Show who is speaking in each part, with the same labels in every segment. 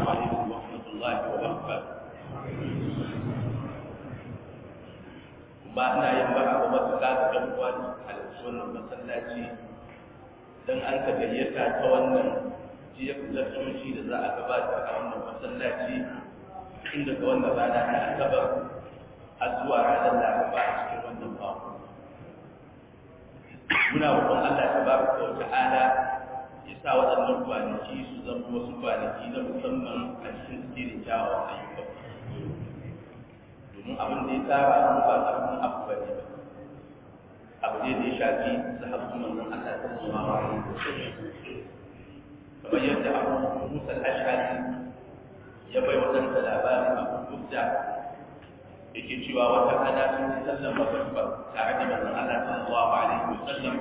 Speaker 1: السلام عليكم ورحمة الله وبركاته
Speaker 2: ba na yin ba abu matuƙa da
Speaker 1: ɗan uwan halittu wannan masallaci don an ka gayyata ta wannan jiya kusurtoci da za a gabatar a wannan masallaci tun daga wannan rana na asabar a zuwa ranar laraba a cikin wannan mako muna roƙon Allah ta baraka wa ta'ala ya sa waɗannan kwanaki su zama wasu kwanaki na musamman a cikin a jawo ba. domin abin da ya tsara an ba cikin abu ba ne abu ne da ya shafi su haɗu manzon Allah ta zama wa kamar yadda abu musa ashari ya bai waɗansa labarin abu dubda yake cewa wata hana sun ci sallan mafarka tare da manzan Allah sallallahu alaihi wa sallam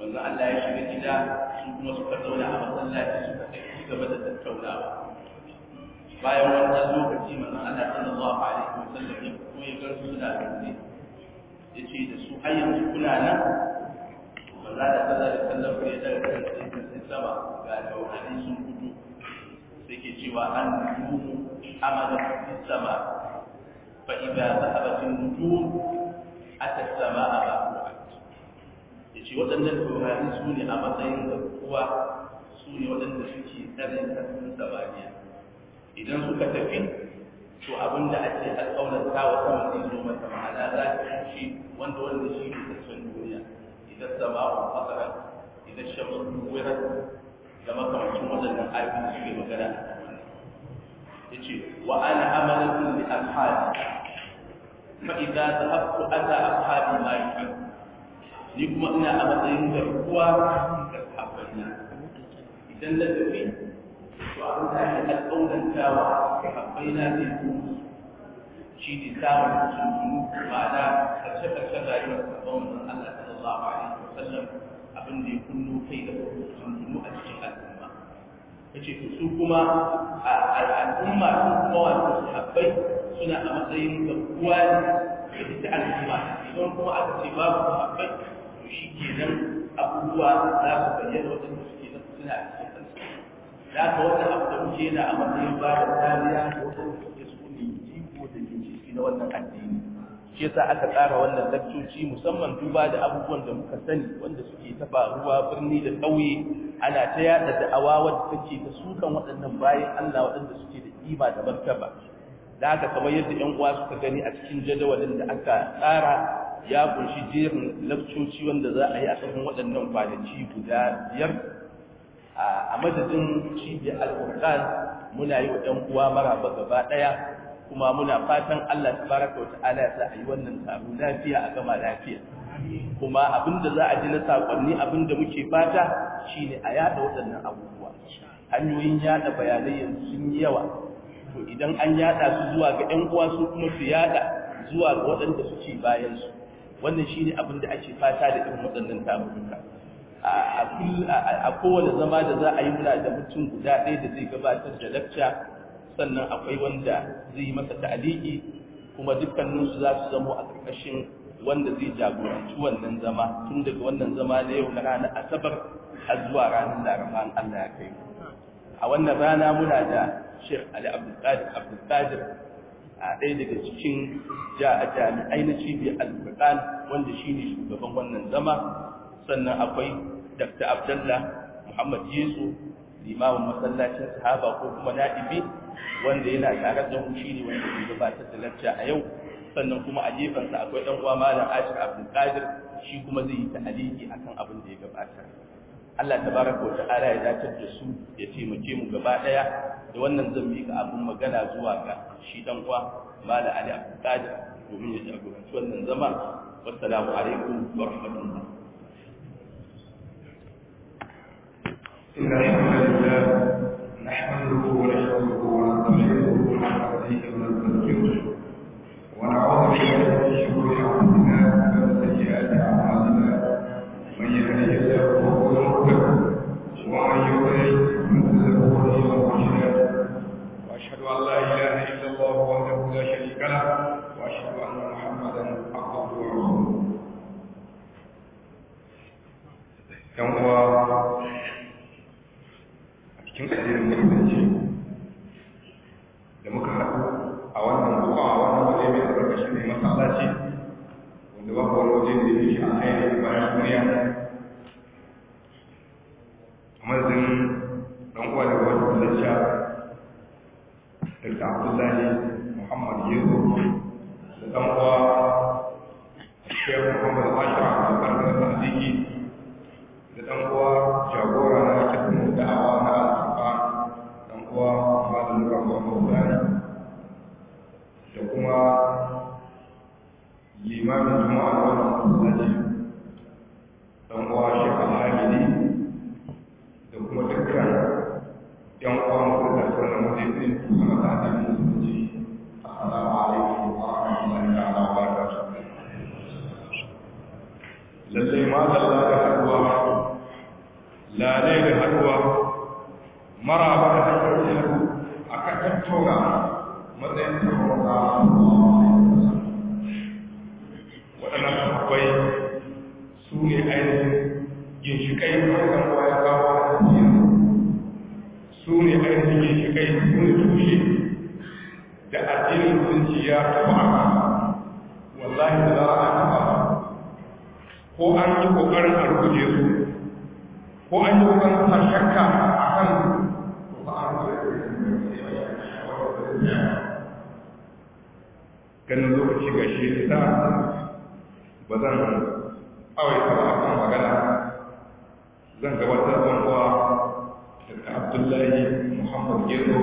Speaker 1: manzon Allah ya shiga gida shi kuma suka zauna a masallaci suka kai ci gaba da tattaunawa
Speaker 3: bayan wannan lokaci
Speaker 1: manzon Allah sallallahu alaihi wasallam ya fito ya ga su suna zaune ya ce da su har yanzu kuna nan da
Speaker 2: Allah da alaihi
Speaker 1: wasallam ya daga kan sai sama ga tauhidi sun fito sai ke cewa an nuhu amalan fis sama fa idza zahabat an-nujum ata as ba. ce waɗannan turari su ne a matsayin da su ne waɗanda suke tsarin kasin samaniya idan suka tafi to abin da ake alƙaunanta wa sama zai zo mata ma'ana za ta shi wanda wanda shi ne sassan duniya idan sama'u fasara idan shamsu wurar da makamancin waɗannan ayoyi su ne magana ya ce wa ana amalatun li ashabi fa idza dhahabtu a ashabi ma yuhibbu ni kuma ina a matsayin garkuwa
Speaker 3: da sahabbaina
Speaker 1: idan na tafi to abin da ake alƙawarantawa sahabbaina zai
Speaker 2: kuma shi
Speaker 1: ne samun musulmi ma'ana karshe-karshen rayuwar sabon wannan Allah sallallahu alaihi wa sallam abin da ya kunno kai da musulmi a cikin al'umma yace to su kuma al'umma sun kuma wato sahabbai suna a matsayin garkuwa da ita al'umma idan kuma aka ce babu
Speaker 2: sahabbai shi ke nan abubuwa za su bayyana
Speaker 1: waɗanda suke nan suna a cikin kansu da ka wata abu da muke na a matsayin ba da kariya da suke su ne jiko da ke ciki na wannan addini shi yasa aka tsara wannan lakcoci musamman duba da abubuwan da muka sani wanda suke ta faruwa birni da ƙauye ana ta yaɗa da'awa wadda take ta sukan waɗannan bayan Allah waɗanda suke da ƙima da martaba da haka kamar yadda 'yan uwa suka gani a cikin jadawalin da aka tsara ya kunshi jerin lakcoci wanda za a yi a tsawon waɗannan kwanaki guda biyar a madadin cibiyar alƙur'an muna yi wa ɗan uwa maraba gaba ɗaya kuma muna fatan Allah tabaraka wa ta'ala ya a yi wannan taro lafiya a gama lafiya
Speaker 2: kuma abinda za a ji na sakonni abinda muke fata shine a yada waɗannan
Speaker 1: abubuwa hanyoyin yada bayanai yanzu sun yi yawa to idan an yada su zuwa ga 'yan uwa su kuma su yada zuwa ga waɗanda suke bayan su wannan shi ne abin da ake fata da irin waɗannan tarurruka a kowane zama da za a yi muna da mutum guda ɗaya da zai gabatar da lakca sannan akwai wanda zai yi masa ta'aliki kuma dukkaninsu za su zamo a ƙarƙashin wanda zai jagoranci wannan zama tun daga wannan zama na yau na ranar asabar har zuwa ranar laraba Allah ya kai a wannan rana muna da shir ali abdulkadir abdulkadir a ɗaya daga cikin jami'ai na cibiyar alfurkan wanda shi ne shugaban wannan zama sannan akwai dr abdallah muhammad yesu limamin masallacin sahaba ko kuma na'ibi wanda yana tare da shi ne wanda ke gabatar da lacca a yau sannan kuma a gefensa akwai ɗan uwa malam ashir qadir shi kuma zai yi ta'aliki akan abin da ya gabata. Allah tabaraka wa ta'ala ya dace da su ya taimake mu gaba daya da wannan zan ka abin magana zuwa ga shi dan kwa mala ali abdulkadir domin ya jagoranci wannan zama wassalamu
Speaker 3: alaikum wa rahmatullah ko an yi ƙoƙarin a rubuce su ko an yi kokarin sa shakka a kan su ba a ganin lokaci ga shi ta ba zan awai ta ba kan magana zan gabatar da kuwa daga abdullahi muhammad gero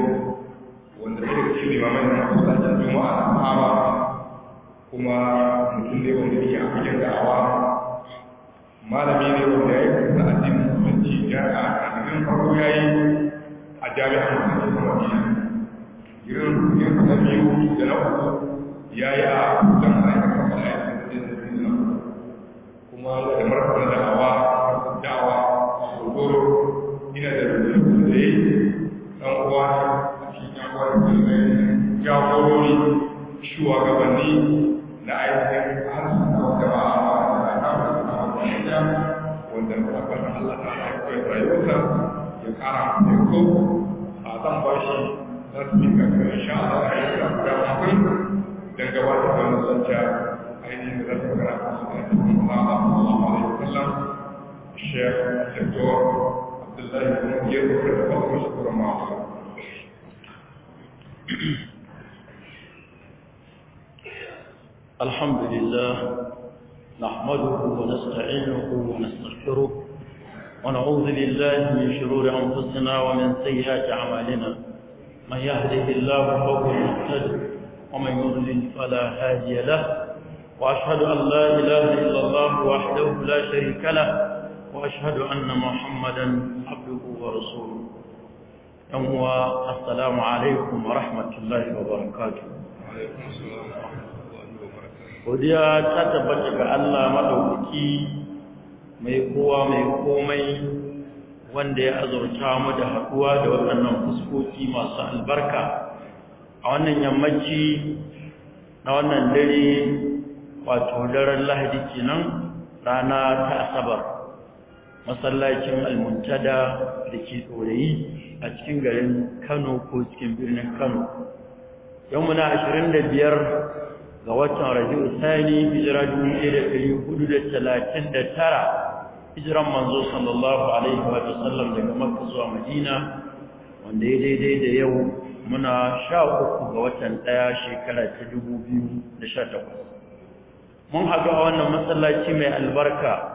Speaker 3: wanda ɗaya da shi ne mamayin na kusa da juma'a na kuma mutum ne wanda yake a cikin da'awa malami ne wanda ya yi kusa addinin musulunci ya a cikin farko ya yi a jami'ar musulunci ta madina yin kusa biyu da na uku ya yi a kusan الشيخ الدكتور عبد الله بن مدير وكتبه مشكورا
Speaker 4: الحمد لله نحمده ونستعينه ونستغفره ونعوذ بالله من شرور أنفسنا ومن سيئات أعمالنا من يهده الله فهو المهتد ومن يضلل فلا هادي له وأشهد أن لا إله إلا الله وحده لا شريك له وأشهد أن محمدا عبده ورسوله هو alaikum عليكم ورحمة الله وبركاته
Speaker 2: وعليكم السلام ورحمة الله وبركاته
Speaker 4: وديا تتبت الله ملوكي ميقوى ميقومي wanda ya azurta mu da haɗuwa da waɗannan kuskoki masu albarka a wannan yammaci na wannan dare wato daren lahadi kenan rana ta asabar masallacin almuntada da ke tsorayi a cikin garin kano ko cikin birnin kano yau muna 25 ga watan rabi'u sani hijira 1439 hijiran manzo sallallahu alaihi wa sallam daga makka zuwa madina wanda ya daidai da yau muna 13 ga watan daya shekara ta 2018 mun haɗu a wannan masallaci mai albarka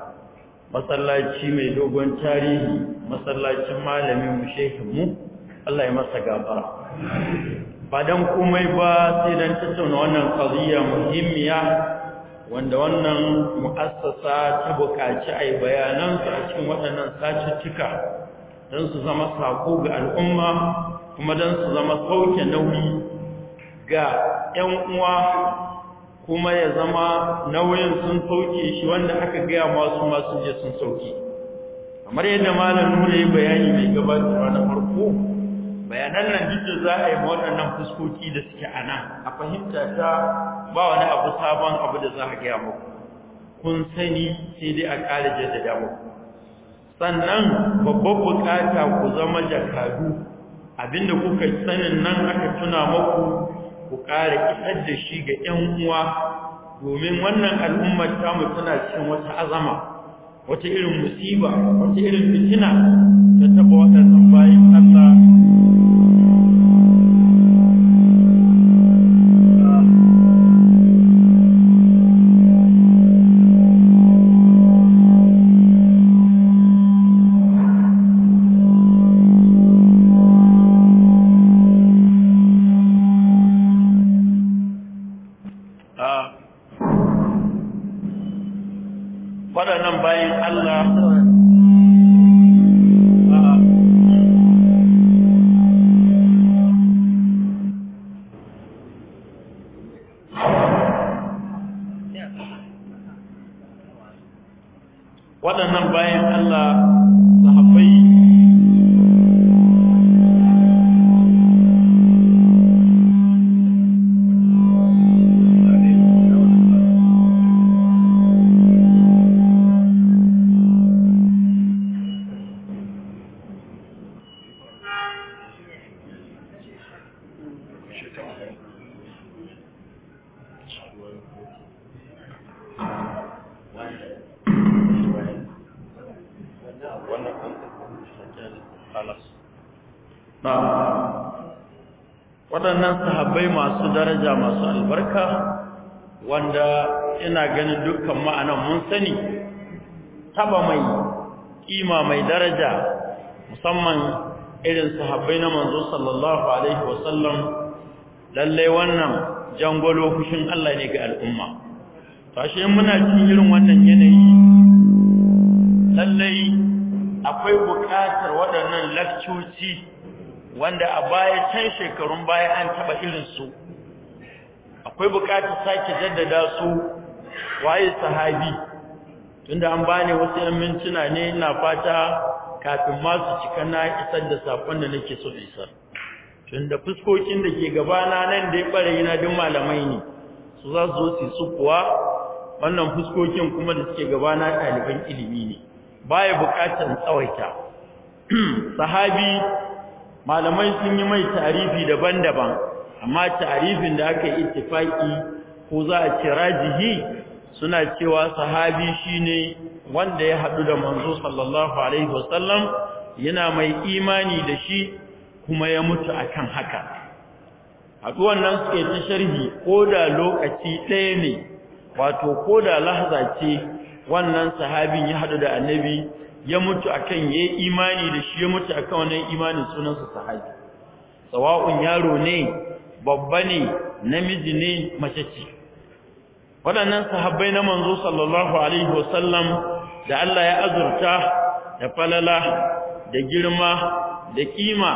Speaker 4: masallaci mai dogon tarihi masallacin malamin mu shehin mu Allah ya masa gafara ba dan komai ba sai dan tattauna wannan qadiya muhimmiya wanda wannan mu'assasa ta buƙaci ai bayanan a cikin waɗannan sacittuka dan su zama sako ga al'umma kuma dan su zama sauke nauyi ga 'yan uwa kuma ya zama nauyin sun sauke shi wanda aka gaya masu masu je sun sauke kamar yadda malam nura ya bayani mai
Speaker 3: gabatarwa na farko
Speaker 4: bayanan nan duk za a yi waɗannan fuskoki da suke a nan a fahimta ta ba wani abu sabon abu da za a gaya muku kun sani sai dai a ƙara jaddada muku sannan babbar bukata ku zama jakadu abinda kuka sanin nan aka tuna
Speaker 2: maku. ku
Speaker 4: ƙara isar da shi ga 'yan uwa domin wannan al'ummar tamu tana cikin wata azama wata irin musiba wata irin fitina ta taba waɗannan waɗannan sahabbai masu daraja masu albarka wanda ina ganin dukkan ma'anan mun sani taba mai kima mai daraja musamman irin sahabbai na manzo sallallahu alaihi wasallam lalle wannan jangolo kushin Allah ne ga al'umma tashi muna cikin irin wannan yanayi Lallai akwai buƙatar waɗannan lakcoci wanda a baya can shekarun baya an taɓa irin su akwai bukatar sake jaddada su waye sahabi tunda an bani wasu yan mintuna ne ina fata kafin ma cika na isar da sakon da nake so isar tunda fuskokin da ke gabana nan da ya bare na duk malamai ne su za su zo su kuwa wannan fuskokin kuma da suke gabana ɗaliban ilimi ne baya bukatar tsawaita sahabi malamai sun yi mai ta'arifi daban-daban amma ta'arifin da aka yi ittifaki ko za a ce rajihi suna cewa sahabi shine wanda ya hadu da manzo sallallahu alaihi wasallam yana mai imani da shi kuma ya mutu akan haka haduwan nan suke ta sharhi ko da lokaci ɗaya ne wato da lahza ce wannan sahabin ya hadu da annabi ya mutu akan yayi imani da shi ya mutu akan wannan imanin sunansa sahabi sawa'un yaro ne babba ne namiji ne mace ce waɗannan sahabbai na manzo sallallahu alaihi wasallam da Allah ya azurta da falala da girma da kima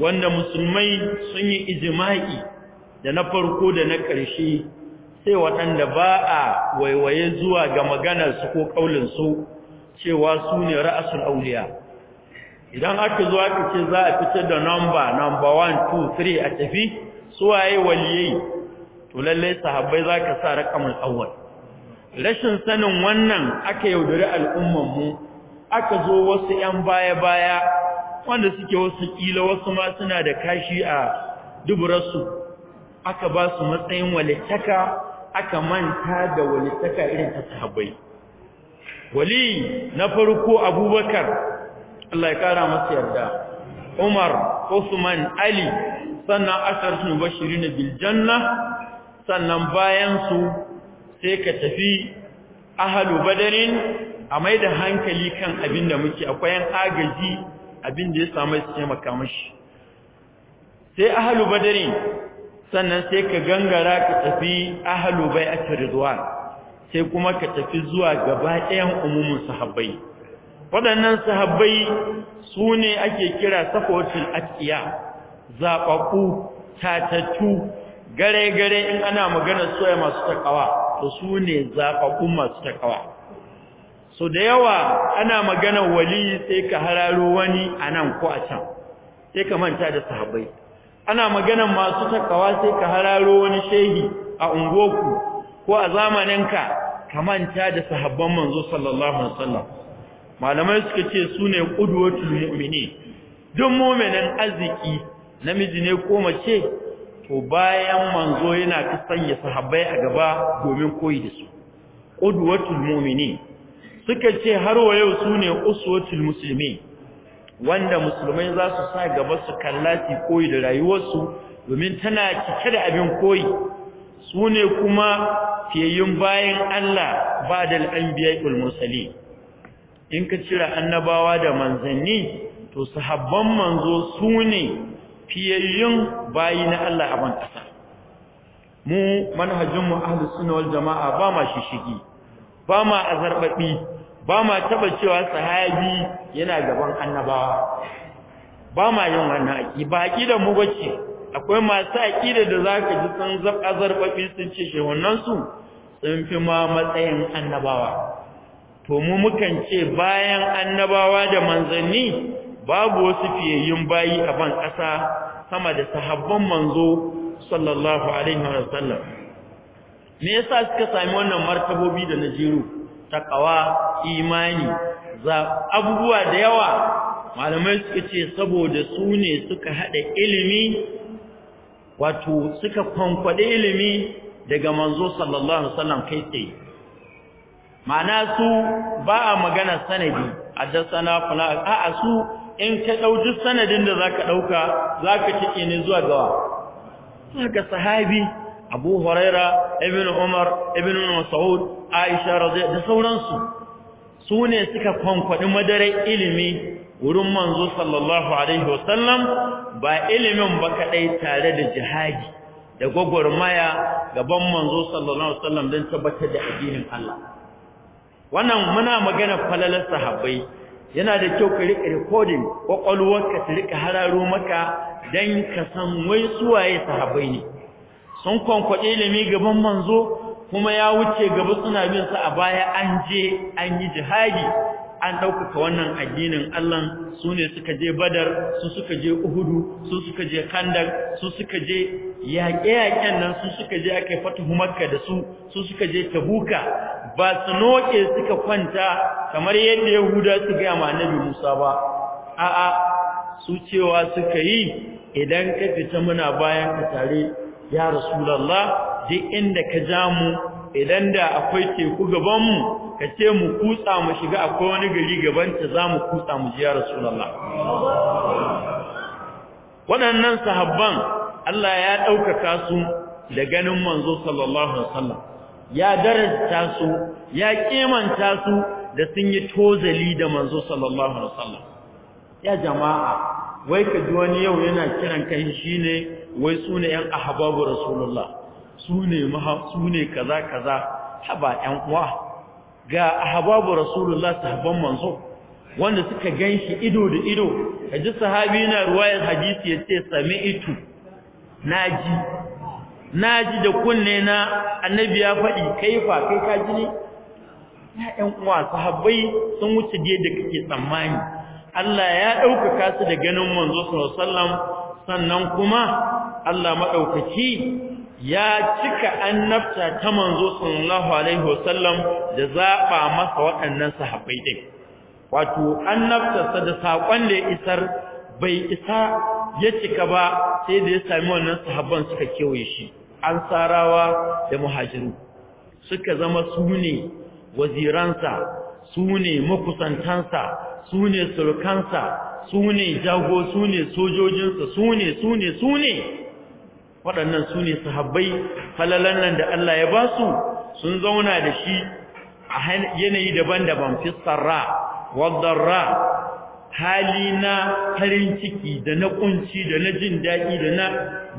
Speaker 4: wanda musulmai sun yi ijma'i da na farko da na ƙarshe sai waɗanda ba a waiwaye zuwa ga maganarsu ko ƙaulinsu cewa su ne ra'asul auliya idan aka zo aka ce za a fitar da number number 1 2 3 a tafi su waye waliyai to lalle sahabbai ka sa rakamul awwal rashin sanin wannan aka yaudari al'ummar mu aka zo wasu yan baya baya wanda suke wasu ƙila wasu ma suna da kashi a duburarsu aka ba su matsayin walittaka aka manta da walittaka irin ta sahabbai wali na farko abubakar Allah ya kara masa yarda umar usman ali sannan ashar sun bashiri na biljanna sannan bayansu sai ka tafi ahalu badarin a mai da hankali kan abin da muke akwai yan agaji abin da ya samu su taimaka makamashi sai ahalu badarin sannan sai ka gangara ka tafi ahalu bai a rizwan sai kuma ka tafi zuwa gaba ɗayan umumin sahabbai waɗannan sahabbai su ne ake kira safotin atiya zaɓaɓɓu tatattu gare-gare in ana magana soya masu takawa to su ne zaɓaɓɓun masu takawa so da yawa ana magana wali sai ka hararo wani a nan ko a can sai ka manta da sahabbai ana magana masu takawa sai ka hararo wani shehi a unguwarku. ko a zamaninka ka manta da sahabban manzo sallallahu alaihi wasallam malamai suka ce sune qudwatul mu'mini duk mu'minin arziki namiji ne ko mace to bayan manzo yana ta sanya sahabbai a gaba domin koyi da su qudwatul mu'mini suka ce har wa yau sune uswatul Musulmi, wanda musulmai za su sa gaba su kallaci koyi da rayuwarsu domin tana cike da abin koyi su ne kuma fiyayyun bayan Allah ba da anbiya'ul mursalin in ka cira annabawa da manzanni to sahaban manzo su ne fiyayyun bayi na Allah a ban mu manhajinmu mu jamaa ba ma shishigi ba ma azarbabi ba ma taɓa cewa sahabi yana gaban annabawa ba ma yin wannan aƙi ba aqidan mu bace akwai masu aƙida da za ka ji sun zaɓa zarɓaɓi sun ce shehunansu sun fi ma matsayin annabawa to mu mukan ce bayan annabawa da manzanni babu wasu fiyayyun bayi a ban ƙasa sama da sahabban manzo sallallahu alaihi wa sallam me yasa suka sami wannan martabobi da najiru takawa imani za abubuwa da yawa malamai suka ce saboda su ne suka haɗa ilimi wato suka kwankwade ilimi daga manzo sallallahu alaihi wasallam kai tsaye ma'ana su ba a magana sanadi a haddathana fula a'a su in ka dauki sanadin da zaka dauka zaka tike ne zuwa gawa zaka sahabi Abu Huraira Ibn Umar Ibn Mas'ud Aisha radiyallahu da sauransu su ne suka kwankwadi madarar ilimi wurin manzo sallallahu alaihi wasallam ba ilimin ba kadai tare da jihadi da gwagwarmaya gaban manzo sallallahu alaihi wasallam don tabbatar da addinin Allah wannan muna magana falalar sahabbai yana da kyau ka rika recording kwakwalwarka ta rika hararo maka don ka san wai suwaye sahabbai ne sun kwankwace ilimi gaban manzo kuma ya wuce gaba suna bin sa a baya an je an yi jihadi an ɗaukaka wannan addinin Allah su ne suka je Badar su suka je Uhudu su suka je Kandar su suka je yaƙe-yaƙen nan su suka je aka yi fatuhu Makka da su su suka je Tabuka ba su noke suka kwanta kamar yadda Yahuda su ga ma Annabi Musa ba a'a su cewa suka yi idan ka fita muna bayan ka tare ya Rasulullah duk inda ka ja mu idan da akwai teku gaban mu ka ce mu kutsa mu shiga akwai wani gari gaban ta za mu kutsa mu ji ya rasulullah waɗannan sahabban Allah ya ɗaukaka su da ganin manzo sallallahu alaihi wasallam ya daraja su ya kimanta su da sun yi tozali da manzo sallallahu alaihi wasallam ya jama'a wai ka ji wani yau yana kiran kai shine wai sune yan ahbabu rasulullah sune maha sune kaza kaza haba yan uwa ga ahbabu rasulullah sahabban manzo wanda suka ganshi ido da ido ji sahabi na ruwayar hadisi yace sami'tu naji naji da kunne na annabi ya faɗi kaifa kai ka ji ne ƴan uwa sahabbai sun wuce da yadda kake tsammani Allah ya ɗaukaka su da ganin manzo sallallahu alaihi wasallam sannan kuma Allah madaukaki ya cika annabta ta manzo sallallahu alaihi wasallam da zaba masa waɗannan sahabbai din wato annabta sa da sakon da ya isar bai isa ya cika ba sai da ya sami wannan sahabban suka kewaye shi ansarawa da muhajiru suka zama sune waziransa sune makusantansa sune surukansa sune jago sune sojojinsa sune sune sune waɗannan su ne sahabbai falalan nan da Allah ya ba su sun zauna da shi a yanayi daban-daban fisarra wadarra hali na farin ciki da na kunci da na jin daɗi da na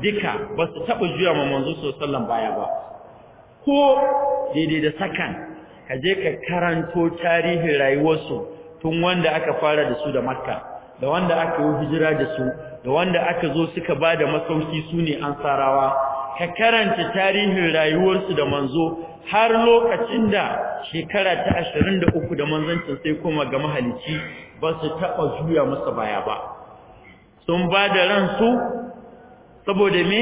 Speaker 4: duka ba su taɓa juya ma manzo sosallan baya ba ko daidai da sakan ka je ka karanto tarihin rayuwarsu tun wanda aka fara da su da makka da wanda aka yi hijira da su da wanda aka zo suka ba da masauki su ne an sarawa ka karanta tarihin rayuwarsu da manzo har lokacin da shekara ta ashirin da uku da manzancin sai kuma ga mahalicci ba su taɓa juya masa baya ba sun ba da ransu saboda me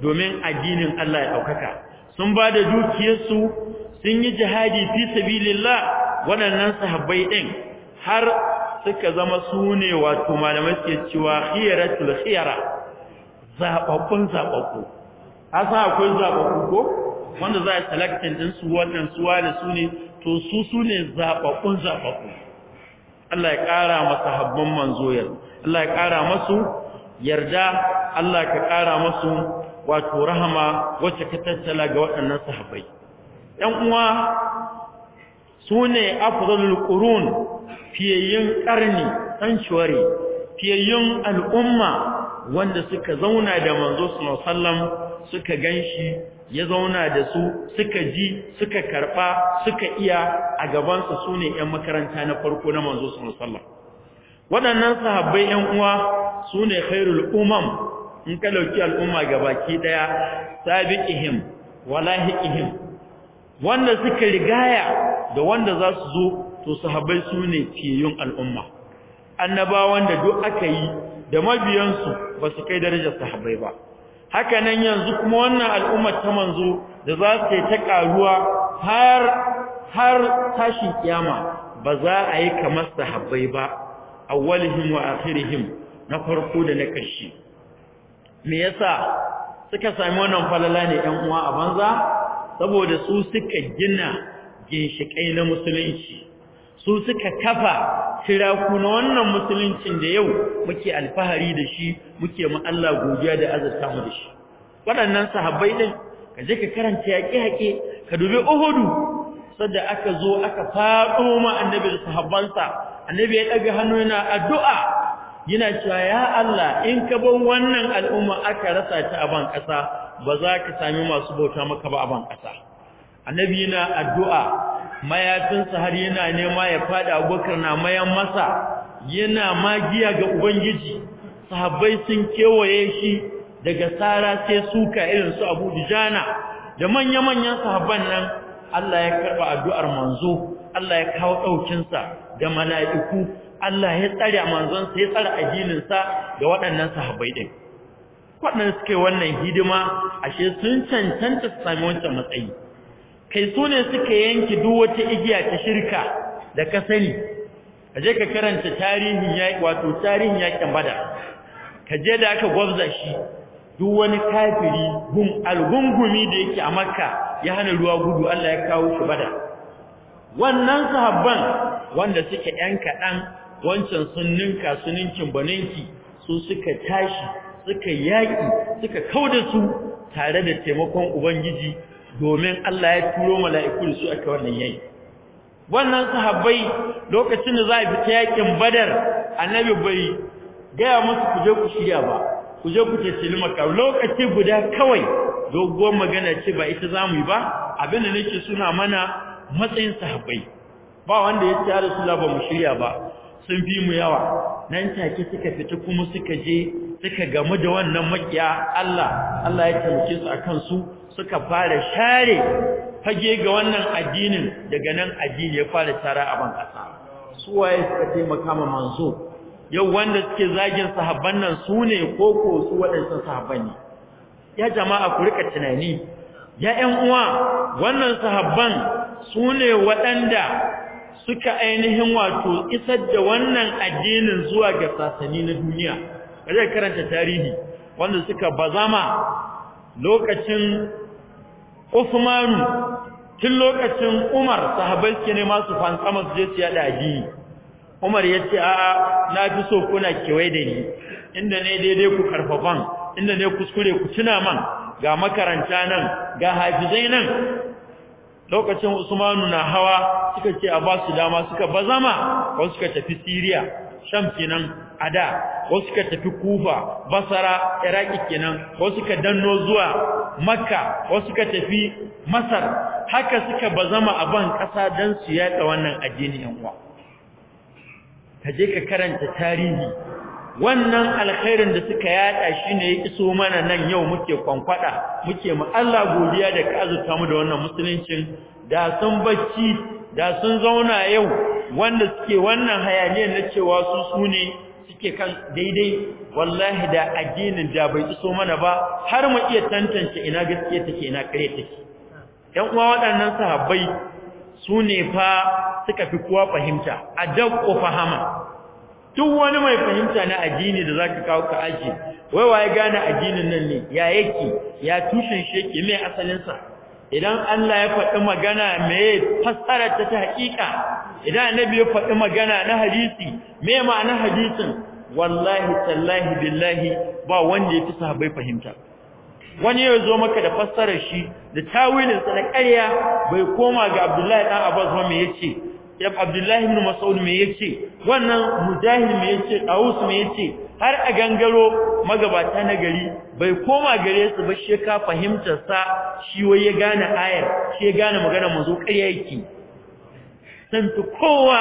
Speaker 4: domin addinin Allah ya ɗaukaka sun ba da dukiyarsu sun yi jihadi fi sabilillah waɗannan sahabbai ɗin har suka zama sune wato malamai suke cewa khiyaratul khiyara zababbun a asa akwai zababbu ko wanda za a selectin din su wannan su wani sune to su sune zababbun zababbu Allah ya kara masa habban manzo yar Allah ya kara masu yarda Allah ka kara masu wato rahama wacce ka tattala ga waɗannan sahabbai ɗan uwa su ne afdalul qurun fiyayyun karni sanctuary fiyayyun al'umma wanda suka zauna da manzo sallallahu suka ganshi ya zauna da su suka ji suka karɓa, suka iya a gaban su sune 'yan makaranta na farko na manzo sallallahu waɗannan sahabbai 'yan uwa sune khairul umam in ka dauki al'umma gabaki wala sabiqihim walahiqihim wanda suka rigaya da wanda za su zo to sahabai su ne yin al'umma annabawan wanda duk aka yi da mabiyansu ba su kai darajar sahabbai ba haka nan yanzu kuma wannan al'ummar ta manzo da za su yi ta karuwa har har tashin kiyama ba za a yi kamar sahabbai ba awwalihim wa akhirihim na farko da na ƙarshe me yasa suka sami wannan falala ne ɗan uwa a banza saboda su suka gina ginshiƙai na musulunci su suka kafa tiraku na wannan musuluncin da yau muke alfahari da shi muke mu Allah godiya da azurta mu da shi waɗannan sahabbai ɗin, ka je ka karanta yaƙi haƙe ka dubi Uhudu sadda aka zo aka faɗo ma annabi da sahabbansa annabi ya ɗaga hannu yana addu'a yana cewa ya Allah in ka bar wannan al'umma aka rasa ta a ban ƙasa ba za ka sami masu bauta maka ba a ban ƙasa annabi yana addu'a mayafinsa har yana nema ya fada abubakar na mayan masa yana magiya ga ubangiji sahabbai sun kewaye shi daga tsara sai suka irin su abu dijana da manya-manyan sahabban nan Allah ya karɓa addu'ar manzo Allah ya kawo ɗaukinsa da mala'iku Allah ya tsare manzonsa ya tsare addininsa ga waɗannan sahabbai ɗin waɗanda suke wannan hidima ashe sun cancanta su sami wancan matsayi kai su ne suka yanki duk wata igiya ta shirka da ka sani ka je ka karanta tarihin yaƙi wato tarihin yaƙin bada ka je da aka gwabza shi duk wani kafiri gum algungumi da yake a makka ya hana ruwa gudu Allah ya kawo shi bada wannan sahabban wanda suka yan kaɗan wancan sun ninka su baninki su suka tashi suka yaki suka kauda su tare da taimakon ubangiji domin Allah ya turo mala'iku da su aka wannan yayi wannan sahabbai lokacin da za a fita yakin badar annabi bai gaya musu je ku shirya ba kuje ku tashi maka lokaci guda kawai doguwar magana ce ba ita za mu yi ba abinda nake suna mana matsayin sahabbai ba wanda ya ce ya su ba mu shirya ba sun fi mu yawa nan take suka fita kuma suka je suka gamu da wannan makiya Allah Allah ya taimake su akan su suka fara share fage ga wannan addinin daga nan addini ya fara tara a ban kasa su waye suka taimaka makama manzo yau wanda suke zagin sahabban nan su ne koko su waɗansu sahabban ne ya jama'a ku rika tunani ya ƴan uwa wannan sahabban su ne waɗanda suka ainihin wato isar da wannan addinin zuwa ga sasani na duniya zai karanta tarihi wanda suka bazama lokacin Uthman tun lokacin Umar sahabbai suke ne masu fantsama su je su yada addini Umar ya yace a'a na fi so kuna kewaye da ni inda ne daidai ku karfafan inda ne kuskure ku tuna man ga makaranta nan ga hafizai nan lokacin Usmanu na hawa suka ce a ba su dama suka bazama wasu suka tafi Syria sham kenan ada ko suka tafi kufa basara iraki kenan ko suka danno zuwa makka ko suka tafi masar haka suka bazama a ban kasa dan su yada wannan addini yan uwa kaje ka karanta tarihi wannan alkhairin da suka yada shine ya iso mana nan yau muke kwankwada muke mu Allah godiya da ka azurta mu da wannan musuluncin da sun bacci da sun zauna yau wanda suke wannan hayaniyar na cewa su su ne suke kan daidai wallahi da addinin da bai iso mana ba har mu iya tantance ina gaskiya take ina kare take ɗan uwa waɗannan sahabbai su ne fa suka fi kowa fahimta a dabko fahama duk wani mai fahimta na addini da zaka kawo ka aji wai ya gane addinin nan ne ya yake ya tushen shi yake me asalin idan Allah ya faɗi magana me fassarar ta ta haƙiƙa idan annabi ya faɗi magana na hadisi me ma'ana hadisin wallahi tallahi billahi ba wanda ya fi sahabbai fahimta wani ya zo maka da fassarar shi da tawilin sa na ƙarya bai koma ga Abdullahi dan Abbas ba me yace ya Abdullah ibn Mas'ud me yace wannan Mujahid me yace Aus me yace har a gangaro magabata na gari bai koma gare su ba shi ka fahimtar sa shi wai ya gane ayar shi ya gane magana manzo ƙarya yake sun fi kowa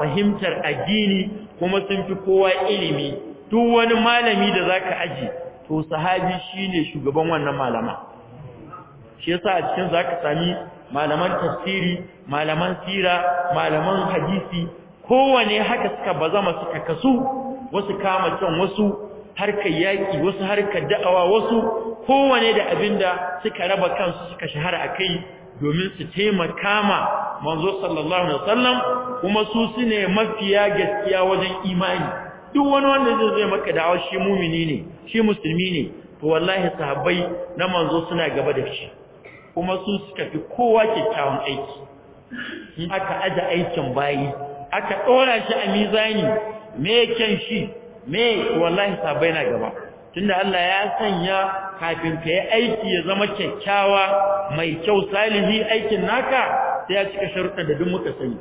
Speaker 4: fahimtar addini kuma sun fi kowa ilimi duk wani malami da zaka aji to sahabi shine shugaban wannan malama shi yasa a cikin zaka sami malaman tafsiri malaman sira malaman hadisi kowane haka suka bazama suka kasu wasu kama can wasu harkar yaki wasu harkar da'awa wasu kowane da abinda suka raba kansu suka shahara a kai domin su taimaka ma manzo sallallahu alaihi wasallam kuma su sune mafiya gaskiya wajen imani duk wani wanda zai zo maka da'awa shi mumini ne shi musulmi ne to wallahi sahabbai na manzo suna gaba da shi kuma su suka fi kowa kyakkyawan aiki aka aje aikin bayi aka ɗora shi a mizani me kyan shi me wallahi sabai na gaba tunda Allah ya sanya kafin ka yi aiki ya zama kyakkyawa mai kyau salihi aikin naka sai ya cika sharuɗa da duk muka sani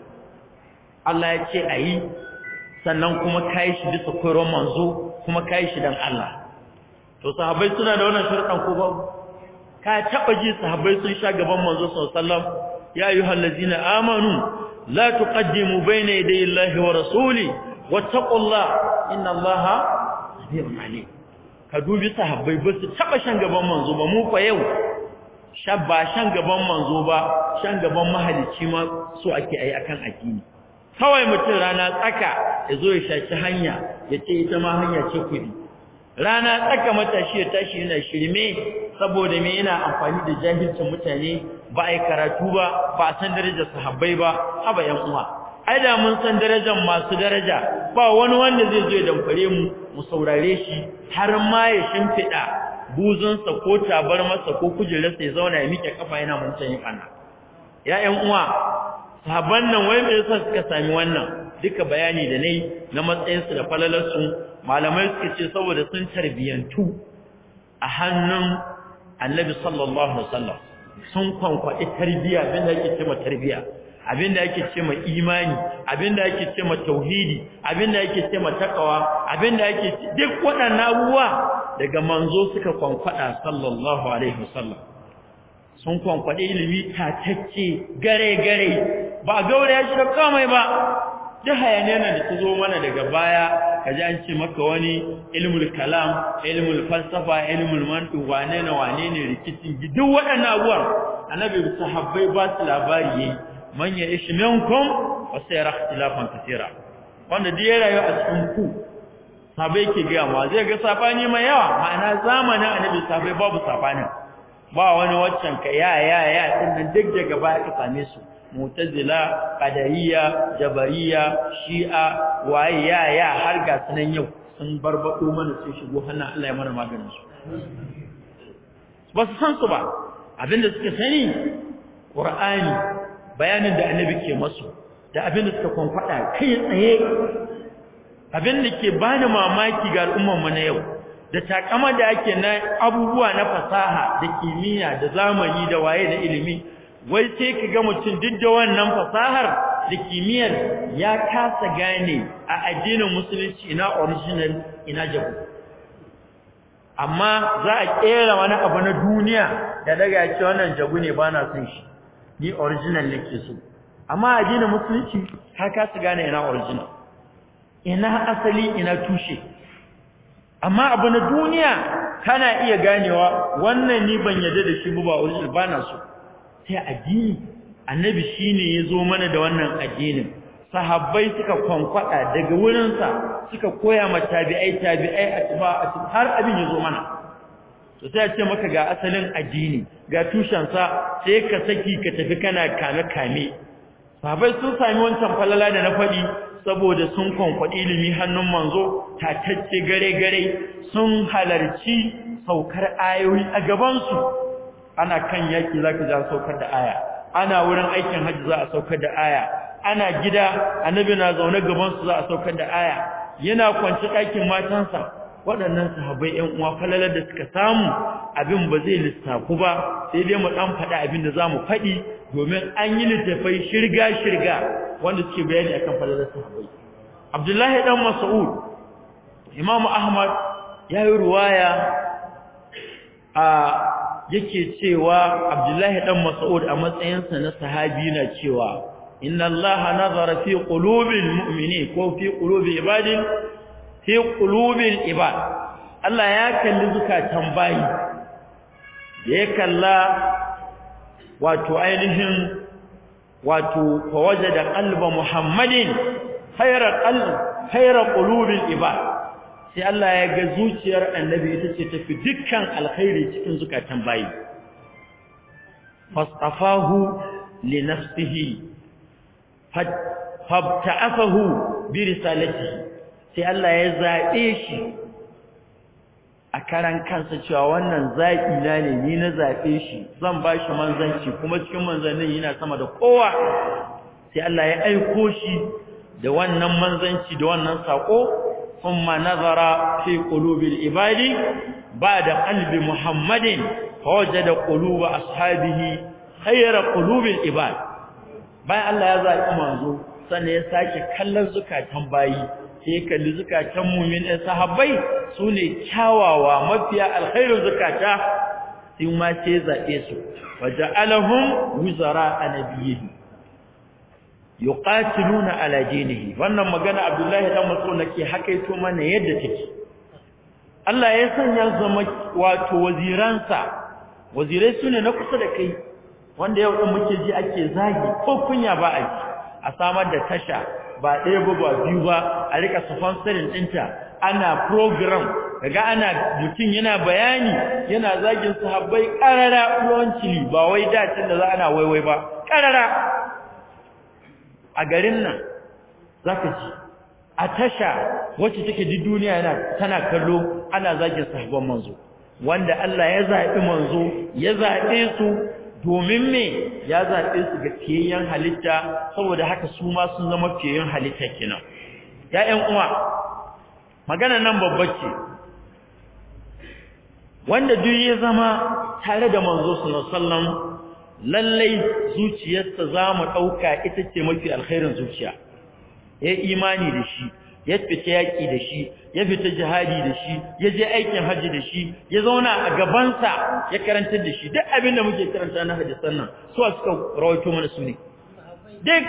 Speaker 4: Allah ya ce a yi sannan kuma ka yi shi bisa koyarwar manzo kuma ka yi shi don Allah to sahabai suna da wannan sharuɗan ko babu ka taba ji sahabbai sun sha gaban manzo sallallahu alaihi wasallam ya ayyuhal ladina amanu la tuqaddimu bayna yaday Allahi wa rasuli wattaqullah inna Allaha sami'un alim ka dubi sahabbai ba su taba shan gaban manzo ba mu fa yau shabba shan gaban manzo ba shan gaban mahalicci ma so ake ayi akan addini kawai mutum rana tsaka ya zo ya shaci hanya ya ce ita ma hanya ce kudi rana tsaka matashi ya tashi yana shirme saboda me yana amfani da jahilcin mutane ba ai karatu ba ba san darajar sahabbai ba haba yan uwa ai da mun san darajar masu daraja ba wani wanda zai zo ya damfare mu mu saurare shi har ma ya shimfida buzunsa ko tabar masa ko kujerarsa ya zauna ya mike kafa yana mun can fanna ya yan uwa taban nan wai me yasa suka sami wannan duka bayani da nayi na matsayinsu da falalarsu malamai suka ce saboda sun tarbiyantu a hannun annabi sallallahu alaihi wasallam sun kwankwaɗi tarbiya abinda ake ce ma tarbiya abinda ake ce ma imani abinda ake ce ma tauhidi abinda ake ce ma takawa abinda ake duk waɗannan abubuwa daga manzo suka kwankwaɗa sallallahu alaihi wasallam sun kwankwaɗe ilimi tatacce gare-gare ba gauraya shi da kamai ba duk hayaniyar da ta zo mana daga baya ka ji an ce maka wani ilmul kalam ilmul falsafa ilmul mantu wane na wane ne rikicin duk waɗannan abuwan annabi sahabbai ba su labari ne man ya ishi wa sai ra ikhtilafan kaseera wanda duk ya rayu a cikin ku sabai ke ga ma zai ga safani mai yawa ma'ana zamanin annabi sahabbai babu safanin ba wani waccan ka ya ya ya dinnan duk daga baya ka same su mu'tazila qadariya jabariya shi'a waye ya ya har ga sunan yau sun barbado mana su shigo hana Allah ya mana maganin su ba su san su ba abinda suke sani qur'ani bayanin da annabi ke masu da abinda suka kwankwada kai tsaye abinda ke bani mamaki ga al'umman mu na yau da takama da ake na abubuwa na fasaha da kimiyya da zamani da waye da ilimi wai sai ka ga mutum duk da wannan fasahar da kimiyyar ya kasa gane a addinin musulunci ina original ina jabu amma za a kera wani abu na duniya da daga ce wannan jabu ne ba na son shi ni original nake so amma addinin musulunci ka kasa gane ina original ina asali ina tushe amma abu na duniya kana iya ganewa wannan ni ban yadda da shi ba wani bana so sai addini annabi shine zo mana da wannan addinin sahabbai suka kwankwada daga wurin sa suka koya ma tabi'ai tabi'ai atba har abin yazo mana to sai a ce maka ga asalin addini ga tushen sa sai ka saki ka tafi kana kame kame sahabbai sun sami wancan falala da na fadi saboda sun kwankwaɗi ilimi hannun manzo tatacce gare-gare sun halarci saukar ayoyi a gabansu ana kan yaƙi za ka za saukar da aya ana wurin aikin hajji za a saukar da aya ana gida annabi na zaune gabansu za a saukar da aya yana kwanci ɗakin matansa waɗannan sahabbai 'yan uwa falalar da suka samu abin ba zai lissafu ba sai dai mu ɗan faɗa abin da za mu faɗi domin an yi littafai shirga-shirga wanda suke bayani akan falalar sahabbai Abdullahi dan Mas'ud Imam Ahmad ya yi ruwaya a yake cewa Abdullahi dan Mas'ud a matsayinsa na sahabi na cewa inna Allah nazara fi qulubil mu'mini ko fi qulubi ibadin fi qulubil ibad Allah ya kalli zukatan bayi da ya kalla wato ainihin wato fawajada qalba muhammadin khayra qalb khayra qulubil ibad sai Allah ya ga zuciyar annabi ita ce tafi dukkan alkhairi cikin zukatan bayi fastafahu li nafsihi fabta'afahu bi risalatihi sai Allah ya zabe shi a karan kansa cewa wannan zaɓi na ne ni na zaɓe shi zan ba shi manzanci kuma cikin manzannin yana sama da kowa sai Allah ya aiko shi da wannan manzanci da wannan saƙo ma nazara fi ƙulubin ibadi da ƙalbi muhammadin da ƙulubin ashabihi hayar ƙulubin ibad bayan Allah ya zaɓi manzo sannan ya sake kallon zukatan bayi sai kalli zukatan mu'min sahabbai sune kyawawa mafiya alkhairu zukata sai ma ce zaɓe su alahun wuzara anabiyyi yuqatiluna ala ne? wannan magana Abdullahi dan ke haka hakaito mana yadda take Allah ya sanya zama wato waziransa wazirai sune na kusa da kai wanda yau ɗan muke ji ake zagi ko kunya ba a yi a samar da tasha ba ɗaya ba ba biyu ba a rika sponsoring ɗinta ana program daga ana mutum yana bayani yana zagin sahabbai ƙarara fluently ba wai dacin da za ana waiwai ba ƙarara a garin nan za ka ji a tasha wacce take duk duniya yana tana kallo ana zagin sahabban manzo wanda Allah ya zaɓi manzo ya zaɓe su domin me ya zaɓe su ga fiyayyen halitta saboda haka su ma sun zama fiyayyen halitta kenan Ya ya'yan uwa magana nan babba ce wanda duk ya zama tare da manzo sallallahu sallan lallai zuciyarsa za mu ɗauka ita ce mafi alkhairin zuciya ya imani da shi ya fita yaki da shi ya fita jihadi da shi ya je aikin hajji da shi ya zauna a gabansa ya karantar da shi duk abin da muke karanta na Hajji sannan, su suka rawaito mana su duk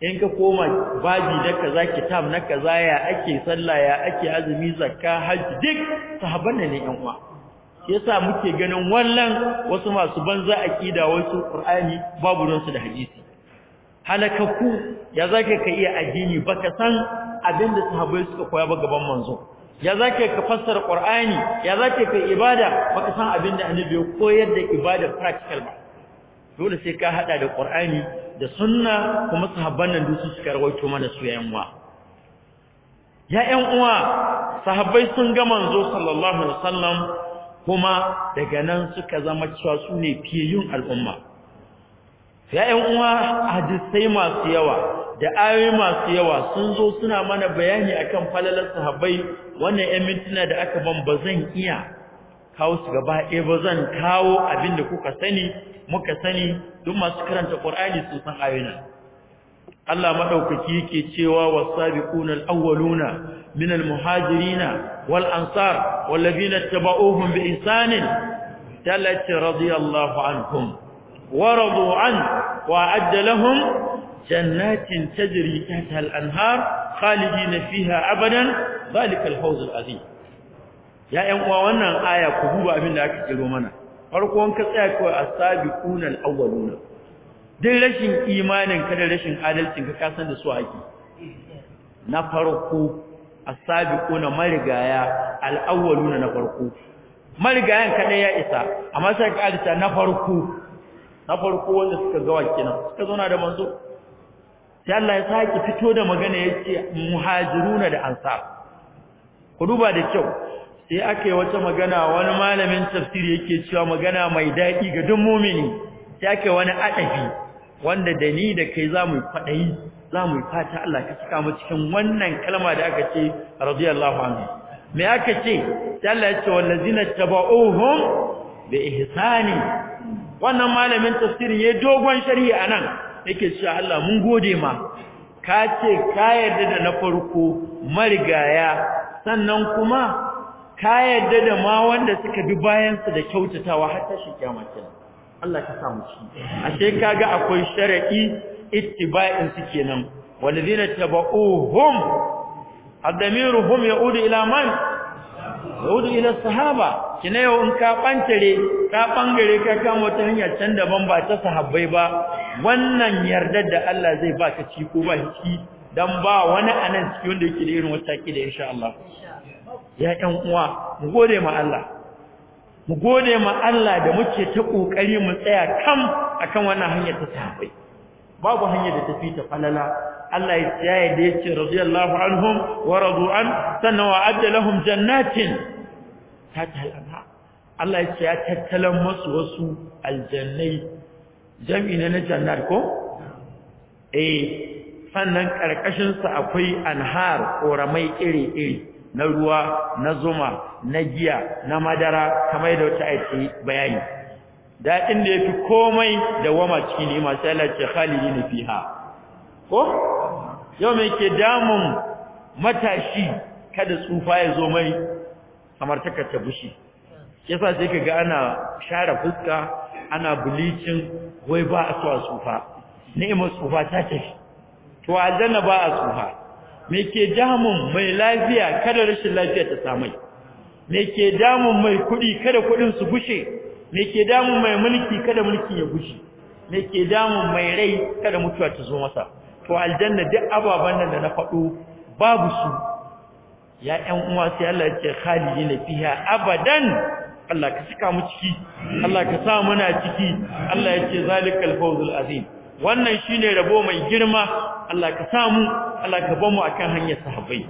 Speaker 4: in ka koma baji da kaza kitab na kaza ya ake sallah ya ake azumi zakka haji duk sahabban ne yan uwa yasa muke ganin wallan wasu masu banza akida wasu qur'ani babu ransu da hadisi halakakku ya zaka ka iya addini baka san abin da sahabbai suka koya ba gaban manzo ya zaka ka fassara qur'ani ya zaka ka ibada baka san abin da annabi ya koyar da ibada practical ba dole sai ka haɗa da qur'ani da sunna kuma sahabban nan dusu suka rawaito mana su yayin wa ya ƴan uwa sahabbai sun ga manzo sallallahu alaihi wasallam kuma daga nan suka zama cewa su ne fiyun al'umma ya'yan uwa hadisai masu yawa da ayoyi masu yawa sun zo suna mana bayani akan falalar sahabbai wannan ƴan mintuna da aka ban bazan iya kawo su gaba ɗaya ba zan kawo abin da kuka sani muka sani duk masu karanta ƙur'ani sun san ayoyi Allah madaukaki yake cewa was al-awwaluna min al-muhajirina wal-ansar wal-ladina tabauhum bi ihsanin talati radiyallahu anhum ورضوا عنه وأعد لهم جنات تجري تحتها الأنهار خالدين فيها أبدا ذلك الفوز العظيم يا أنوا wannan aya ku duba abin da aka kiro mana farko wanka tsaya ko as-sabiqun al-awwalun din rashin imanin ka da rashin adalcin ka kasan da su haƙi na farko as-sabiqun marigaya al na farko marigayan kada ya isa amma sai ka na farko na farko wanda suka gawa kenan suka zauna da manzo sai Allah ya saki fito da magana yake muhajiruna da ansar ku duba da kyau sai aka yi wata magana wani malamin tafsiri yake cewa magana mai daɗi ga duk mumini sai aka wani adabi, wanda da ni da kai za mu faɗayi za fata Allah ka cika mu cikin wannan kalma da aka ce radiyallahu anhu me aka ce sai Allah ya ce wallazina tabauhum bi ihsani wannan malamin tafsiri ya dogon sharhi anan yake cewa Allah mun gode ma ka ce ka yarda da na farko marigaya sannan kuma ka yarda da ma wanda suka bi bayan su da kyautatawa har ta shiga makin Allah ka samu ci ashe kaga akwai sharadi ittiba'in su kenan walladhina tabauhum adamiruhum yaudu ila man yaudu ila sahaba kina yau in ka bantare ka bangare ka kama wata hanya can daban ba ta sahabbai ba wannan yardar da Allah zai baka ci ko ba shi dan ba wani anan ciki wanda yake da irin wata kida insha Allah ya ɗan uwa mu gode ma Allah mu gode ma Allah da muke ta kokari mu tsaya kam akan wannan hanyar ta sahabbai babu hanya da tafi ta falala Allah ya tsaya da yace radiyallahu anhum wa radu an sanna wa adda lahum jannatin tatalana Allah ya tsaya tattalan musu wasu aljannai jami'in na jannat ko eh sannan karkashin sa akwai anhar koramai iri-iri na ruwa na zuma na giya na madara kamar da wata aiki bayani daɗin da ya fi komai da wama cikin ni'ima masu Allah ce fi fiha
Speaker 3: ko yau
Speaker 4: me ke damun matashi kada tsufa ya zo mai kamar ta bushi yasa sai ga ana share fuska ana bleaching wai ba a so a tsufa ni'imar tsufa ta tafi to zana ba a tsufa me ke damun mai lafiya kada rashin lafiya ta samai me ke damun mai kuɗi kada kuɗin su bushe me ke damun mai mulki kada mulki ya gushi me ke damun mai rai kada mutuwa ta zo masa to aljanna duk ababan nan da na faɗo babu su ya ƴan uwa sai Allah ya ce khalidina fiha abadan Allah ka saka mu ciki Allah ka sa mu na ciki Allah ya ce zalikal fawzul azim wannan shine rabo mai girma Allah ka sa mu Allah ka mu akan hanyar sahabbai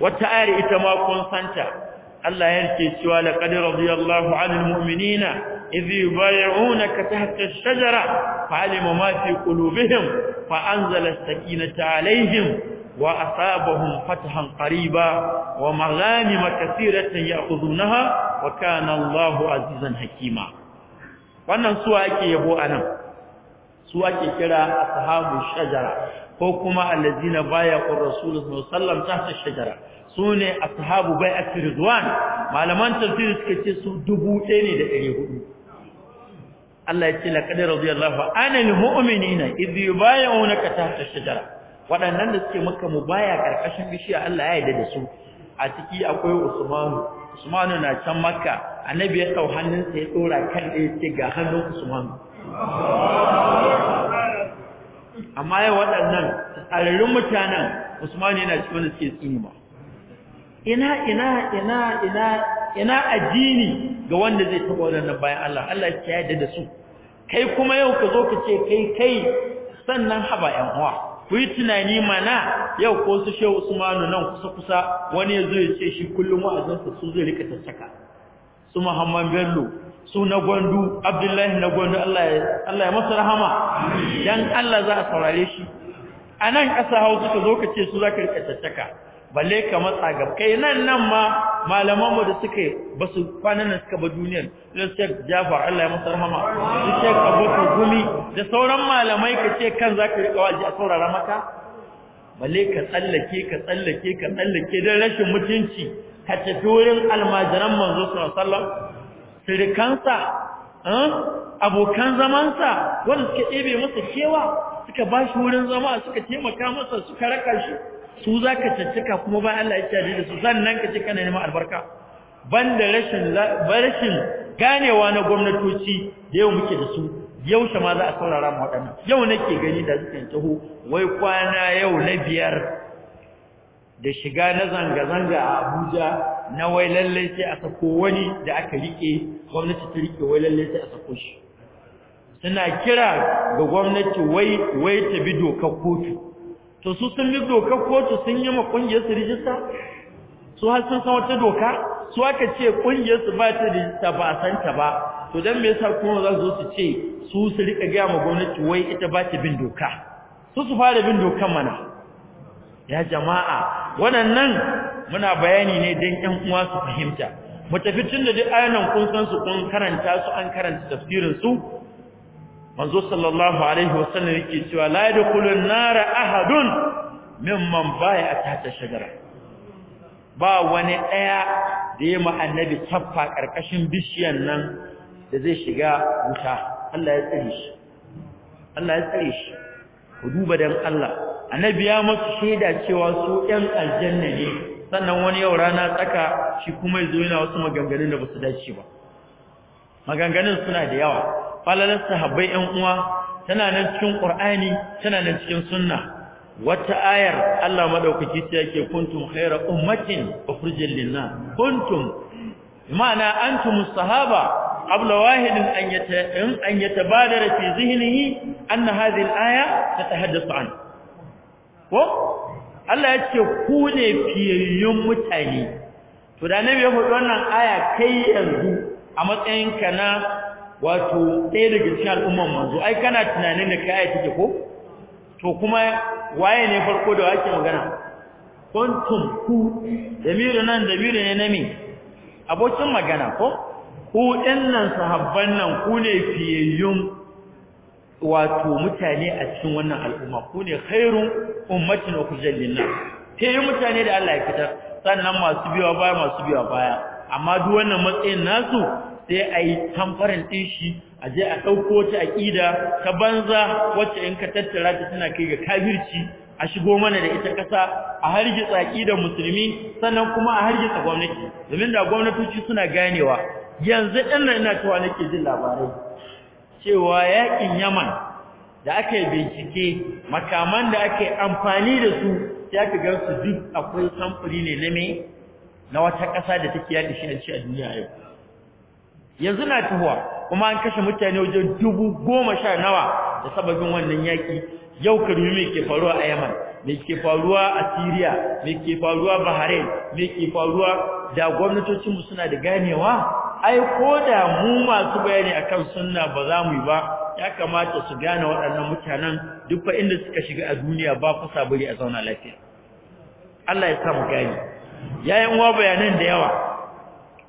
Speaker 4: wata ayar ita ma kun santa Allah yake cewa laqad radiyallahu 'anil mu'minina idh yubay'unaka tahta ash-shajara fa'alima ma fi qulubihim fa'anzala as-sakinata 'alayhim wa asabahum fathan qariba wa maghanim katiratan ya'khudhunaha wa kana Allahu 'azizan hakima wannan su ake yabo anan su ake kira ashabu shajara ko kuma allazina bay'u rasulullahi sallallahu alaihi wasallam tahta ash-shajara Sune ne ashabu bai asirizwan malaman tafsiri suka ce su dubu ɗaya ne da ɗari hudu Allah ya ce laqad radiyallahu anil mu'minina idh yubay'unaka tahta ash-shajara waɗannan da suke maka mubaya karkashin bishiya Allah ya yarda da su a ciki akwai Usman Usman na can Makka annabi ya dau hannunsa ya dora kan da ce ga hannun Usman
Speaker 2: amma ya waɗannan tsararrun mutanen
Speaker 4: Usman yana cikin da suke tsinima
Speaker 2: ina ina ina ina
Speaker 4: ina addini ga wanda zai taba wannan bayan Allah Allah ya yarda da su kai kuma yau ka zo ka ce kai kai sannan haba yan uwa ku yi tunani mana yau ko su shehu Usmanu nan kusa kusa wani ya zo ya ce shi kullum wa'azinsa su zai rika tattaka su Muhammad Bello su na gwandu Abdullahi na gwandu Allah ya Allah ya masa rahama dan Allah za a saurare shi anan ƙasa Hausa ka zo ka ce su za ka rika tattaka balle ka matsa gaba kai nan nan ma malaman mu da suke basu kwanan suka ba duniyar su Sheikh Jafar Allah ya masa rahama Sheikh Abubakar Gumi da sauran malamai ka ce kan zaka riƙa waji a saurara maka balle ka tsallake ka tsallake ka tsallake dan rashin mutunci ka tafi wurin almajiran manzo sallallahu alaihi wasallam sirikansa eh, abokan zamansa wanda suka ɗebe masa kewa suka bashi wurin zama suka taimaka masa suka raka shi su za ka cancika kuma bayan Allah ya caje da su sannan ka ce kana neman albarka banda rashin rashin ganewa na gwamnatoci da yau muke da su yau ma za a saurara mu waɗannan yau nake gani da zukan taho wai kwana yau na biyar da shiga na zanga-zanga a Abuja na wai lalle sai a sako wani da aka rike gwamnati ta rike wai lalle sai a sako shi suna kira ga gwamnati wai wai ta bi doka kotu to su sun bi ko kotu sun yi ma kungiyar su rijista su har sun san wata doka su aka ce kungiyar su ba ta rijista ba a san ta ba to dan me yasa kuma za su zo su ce su su rika ga ma gwamnati wai ita ba ta bin doka su su fara bin dokan mana ya jama'a waɗannan muna bayani ne dan ƴan uwa su fahimta Mu tafi tun da duk ayanan kun san su kun karanta su an karanta tafsirin su manzo sallallahu alaihi wasallam yake cewa la yadkhulun nara ahadun mimman baya tahta shajara ba wani daya da ya mu annabi taffa karkashin bishiyan nan da zai shiga wuta Allah ya tsare shi Allah ya tsare shi ku duba dan Allah annabi ya musu shaida cewa su ɗan aljanna ne sannan wani yau rana tsaka shi kuma yazo yana wasu maganganun da basu dace ba maganganun suna da yawa falalar sahabbai yan uwa tana nan cikin Qur'ani tana nan cikin sunna wata ayar Allah madaukaki ta yake kuntum khayra ummatin ukhrijal linna. kuntum ma'ana antum sahaba an قبل da أن أن يتبادر في ذهنه aya هذه الآية haddasa an ko Allah ya ce ku ne fiyayyun mutane to da nabi ya faɗi wannan aya kai yanzu a matsayinka na wato ɗaya daga cikin al'umman manzo ai kana tunanin da kai take ko to kuma waye ne farko da wake magana kuntum ku damiru nan damiru ne nami abokin magana ko ku nan sahabban nan ku ne fiyayyun wato mutane a cikin wannan al'umma ku ne khairun ummatin kujallin nan sai mutane da Allah ya fitar sannan masu biya baya masu biya baya amma duk wannan matsayin nasu sai a yi tamfarin ɗin shi a je a ɗauko ta a ƙida ta banza wacce in ka tattara ta tana kai ga kafirci a shigo mana da ita ƙasa a hargitsa aƙidar musulmi sannan kuma a hargitsa gwamnati domin da gwamnatoci suna ganewa yanzu ɗin nan ina cewa nake jin labarai cewa yaƙin yaman da aka yi bincike makaman da aka yi amfani da su sai aka gan su duk akwai samfuri ne na me na wata ƙasa da take yaƙi shi a duniya yau yanzu na tuhuwa kuma an kashe mutane wajen dubu goma sha nawa da sababin wannan yaki yau ka dubi ke faruwa a Yaman mai ke faruwa a siriya mai ke faruwa Bahrain mai ke faruwa da gwamnatocin mu suna da ganewa ai ko da mu masu bayani akan sunna ba za mu yi ba ya kamata su gane waɗannan mutanen duk fa inda suka shiga a duniya ba ku sabuli a zauna lafiya Allah ya sa mu gane yayin wa bayanan da yawa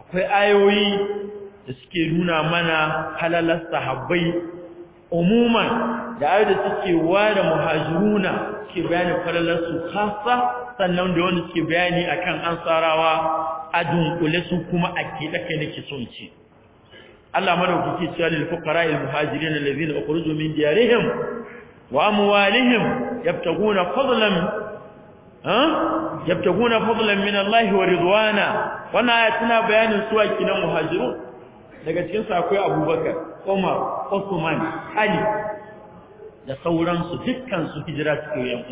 Speaker 4: akwai ayoyi da suke nuna mana halalar sahabbai umuman da ayoyi da suke ware muhajiruna suke bayani falalar su khassa sannan da wanda suke bayani akan ansarawa a dunkule su kuma a keɗe kai nake son ce Allah madaukaki cewa lil fuqara al muhajirin allazina ukhrijoo min diyarihim wa amwalihim yabtaguna fadlan ha yabtaguna fadlan min Allah wa ridwana wannan ayatuna bayanin su akinan muhajirun daga cikin su akwai abubakar umar usman ali da sauransu dukkan su hijira suke yan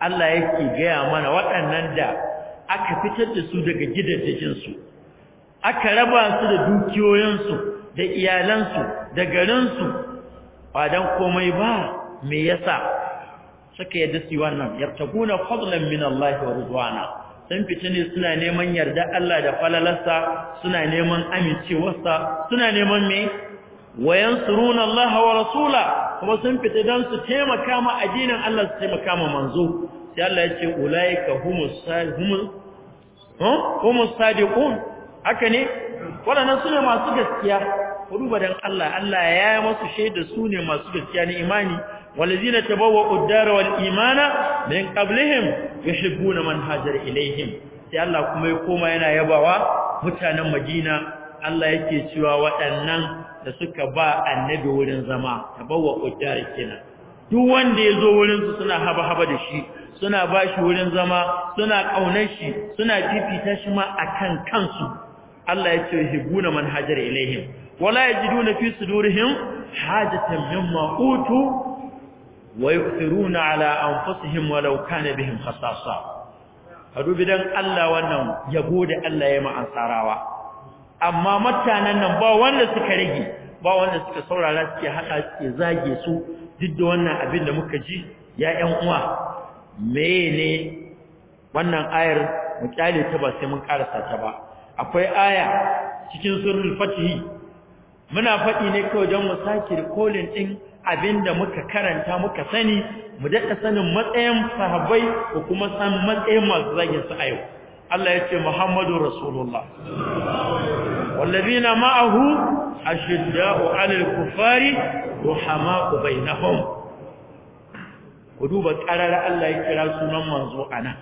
Speaker 4: Allah yake gaya mana waɗannan da aka fitar da su daga gidajen aka raba su da dukiyoyinsu, da iyalansu, da garinsu. ba dan komai ba me yasa suka yadda su wannan yartaguna fadlan min Allah wa ridwana sun fice ne suna neman yarda Allah da falalarsa suna neman amincewarsa suna neman me wayan suruna Allah wa rasula kuma sun fita dan su taimaka ma addinin Allah su taimaka ma manzo sai Allah ya ce ulaika humus sahimun humus sadiqun haka ne wadannan sune masu gaskiya ku duba dan Allah Allah ya yi musu shaida su ne masu gaskiya ne imani والذين تبوأوا الدار والايمان من قبلهم يحبون من هاجر اليهم sai Allah kuma ya koma yana yabawa mutanen Madina Allah yake cewa waɗannan da suka ba annabi wurin zama tabawwa qaddar kenan duk wanda ya zo wurin su suna haba haba da shi suna ba shi wurin zama suna kaunar shi suna fifita shi ma akan kansu Allah ya ce hibuna man hajar ilaihim wala yajiduna fi sudurihim hajatan mimma utu ويؤثرون على أنفسهم ولو كان بهم خصاصة hadu bidan Allah wannan yabo da Allah ya ma ansarawa amma mutanen nan ba wanda suka rage ba wanda suka saurara suke hada suke zage su duk da wannan abin da muka ji ya ƴan uwa mene wannan ayar mu kyale ta ba sai mun karasa ta ba akwai aya cikin surul fatihi muna faɗi ne kawai don mu sake kolin ɗin abinda muka karanta muka sani mu daɗa sanin matsayin sahabbai ko kuma san matsayin masu zagin su a yau Allah ya ce Muhammadu Rasulullah na ma'ahu ashidda'u 'alal kufari ruhama'u bainahum ku duba karara Allah ya kira sunan manzo nan.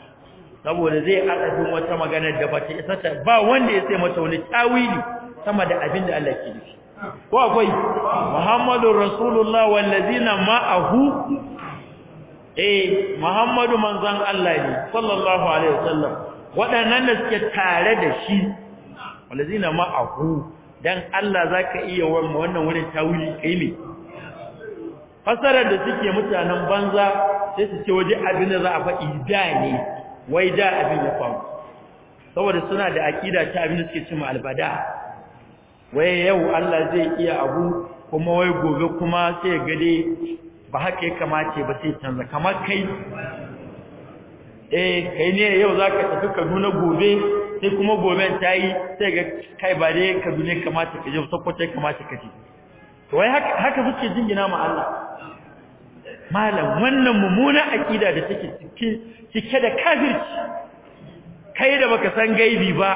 Speaker 4: saboda zai adadin wata maganar da bata isa ta ba wanda ya sai mata wani tawili sama da abinda Allah ke nufi ko akwai muhammadu rasulullah wallazina ma'ahu eh muhammadu manzan Allah ne sallallahu alaihi wasallam waɗannan da suke tare da shi wallazina ma'ahu dan Allah zaka iya wannan wurin tawili kai ne fasarar da suke mutanen banza sai su ce waje abin da za a faɗi da ne wai da abin da faɗi saboda suna da aqida ta abin da suke cewa albada wai yau Allah zai iya abu kuma wai gobe kuma sai gade ba haka ya kamace ba sai canza kamar kai eh kai ne yau zaka tafi Kaduna gobe sai kuma goben yi sai ga kai ba dai Kaduna kamata ka je ya kamata ka je to wai haka haka suke jingina ma Allah malam wannan mummuna akida da take cike da kafirci kai da baka san gaibi ba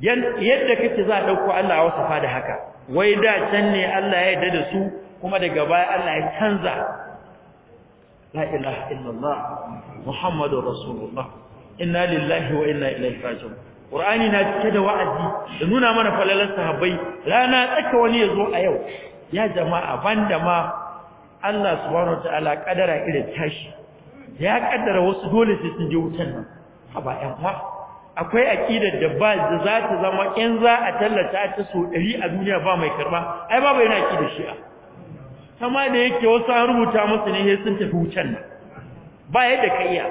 Speaker 4: yadda kake za dauko Allah wasafa da haka wai da can ne Allah ya yarda da su kuma daga baya Allah ya canza la ilaha illallah muhammadur rasulullah inna lillahi wa inna ilaihi raji'un qur'ani na cike da wa'azi da nuna mana falalan sahabbai rana tsaka wani yazo a yau ya jama'a banda ma Allah subhanahu wataala kadara irin tashi ya kaddara wasu dole sai sun je wutan nan ba ƴan uwa akwai aqidar da ba za ta zama in za a tallata ta so ɗari a duniya ba mai karba ai babu yana aqidar shi'a kama da yake wasu an rubuta musu ne sun tafi wucen ba yadda ka iya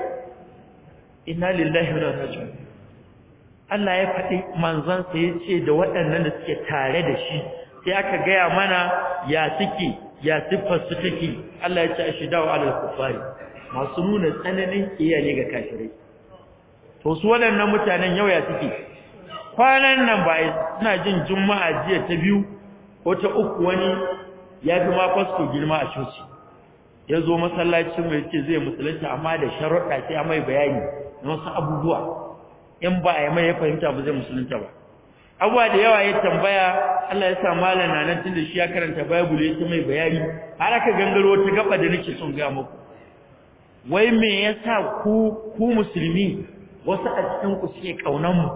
Speaker 4: inna lillahi wa inna ilaihi Allah ya faɗi manzon sa yace da waɗannan da suke tare da shi sai aka gaya mana ya suke ya siffar su take Allah ya ce dawa alal kufari masu nuna tsananin iyali ga kafirai to su waɗannan mutanen yau ya suke kwanan nan ba ina jin juma'a jiya ta biyu ko ta uku wani ya fi ma fasto girma a coci ya zo masallacin mai ce zai musulunta amma da sharuɗa sai mai bayani na wasu abubuwa in ba a yi mai ya fahimta ba zai musulunta ba abuwa da yawa ya tambaya Allah ya sa malam na nan tunda shi ya karanta bible ya mai bayani har aka gangaro ta gaba da nake son ga muku wai me yasa ku ku musulmi wasu a cikin suke kaunan mu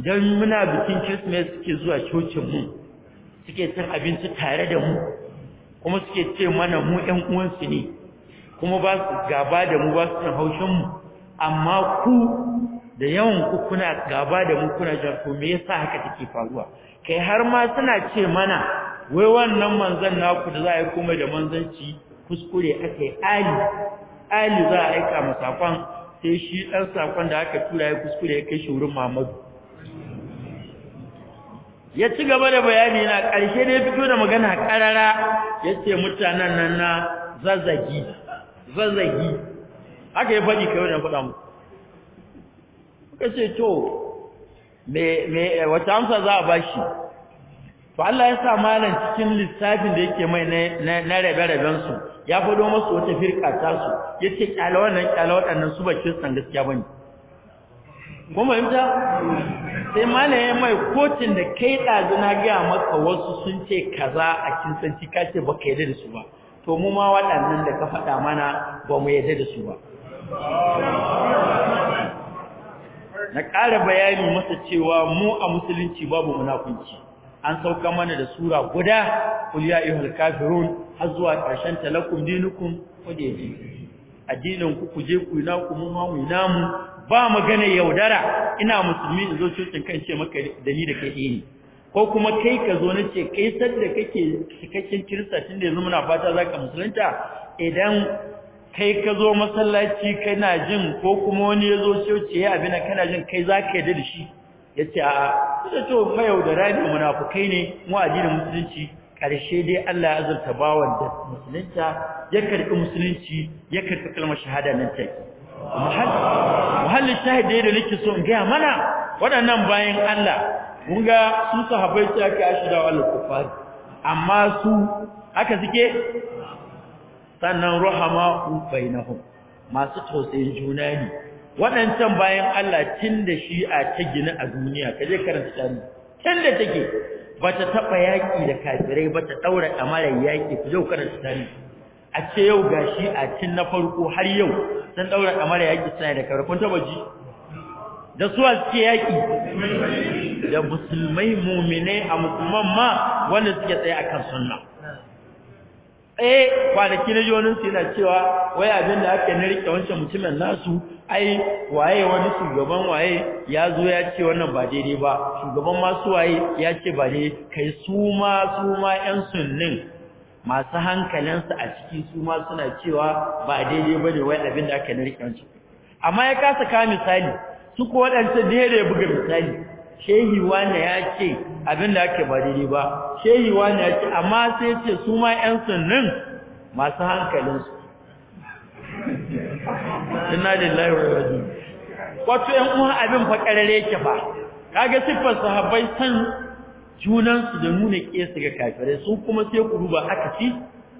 Speaker 4: idan muna bikin Christmas suke zuwa cocin mu suke cin abinci tare da mu kuma suke ce mana mu yan uwansu ne kuma ba su gaba da mu ba su cin haushin amma ku da yawan ku kuna gaba da mu kuna jin ko me yasa haka take faruwa kai har ma suna ce mana wai wannan manzon naku da za a yi komai da manzanci kuskure aka yi ali ali za a aika mu sakon sai shi ɗan saƙon da aka tura ya kuskure ya kai shi wurin Muhammadu ya ci gaba da bayani na ƙarshe da ya fito da magana ƙarara ya ce mutanen nan na zazzagi zazzagi aka yi faɗi kai wajen faɗa mu kuka ce to wata amsa za a bashi to Allah ya sa malam cikin lissafin da yake mai na rabe-raben su ya fado masu wata firka ta su ya ce kyala wannan kyala waɗannan su ba kiristan gaskiya ba ne kuma ta sai malaye mai kotun da kai ɗazu na gaya maka wasu sun ce kaza a kiristanci ka ce ba ka yadda da su ba to mu ma waɗannan da ka faɗa mana ba mu yadda da su ba na ƙara bayani masa cewa mu a musulunci babu munafunci an sauka mana da sura guda kul ya ayyuhal kafirun har zuwa ƙarshen talakum dinukum kudeji addinin ku kuje ku ina ku mu ma mu ina mu ba magana yaudara ina musulmi in zo cikin kan ce maka da ni da kai ne eh. ko kuma kai ka zo na ce kai da kake cikakken kirista tun da yanzu muna fata zaka musulunta idan kai ka zo masallaci kana jin ko kuma wani ya zo ce eh, abin kana jin kai zaka yarda da shi yace a da to mayaudara ne munafukai ne mu addinin musulunci karshe dai Allah ya azurta bawan da musulunta ya karbi musulunci ya karbi kalmar shahada nan take muhallin shahid da nake so in ga mana Wadannan bayan Allah mun ga su sahabbai ta aka ashida wal kufar amma su haka suke sannan ruhama bainahum masu tausayin juna ne waɗancan bayan Allah tun da shi'a ta gina a duniya ka je karanta tani tun da take ba ta taɓa yaƙi da kafirai ba ta ɗaura ɗamarar yaƙi ku yau karanta tani a ce yau ga shi'a tun na farko har yau sun ɗaura ɗamarar yaƙi suna da kafirai kun taɓa ji da suwa suke yaƙi da musulmai muminai a musulman ma wanda suke tsaye a kan sunna eh kwanaki na jonin su yana cewa wai abin da aka na rike wancan mutumin nasu ai waye wani shugaban waye ya zo ya ce wannan ba daidai ba shugaban masu waye ya ce ba ne kai su ma su ma yan sunnin masu hankalinsu a ciki su ma suna cewa ba daidai ba ne wai abin da aka na rike wancan amma ya kasa kawo misali su ko waɗancan da ya buga misali shehi wani ya ce abin da ake ba daidai ba shehi wani ya ce amma sai ya ce su ma 'yan sunnin masu hankalinsu
Speaker 2: ina lillahi wa wato 'yan uwa abin fa karare yake
Speaker 4: ba kage siffar sahabbai san junansu da nuna kiyasa ga kafirai su kuma sai ku duba haka ci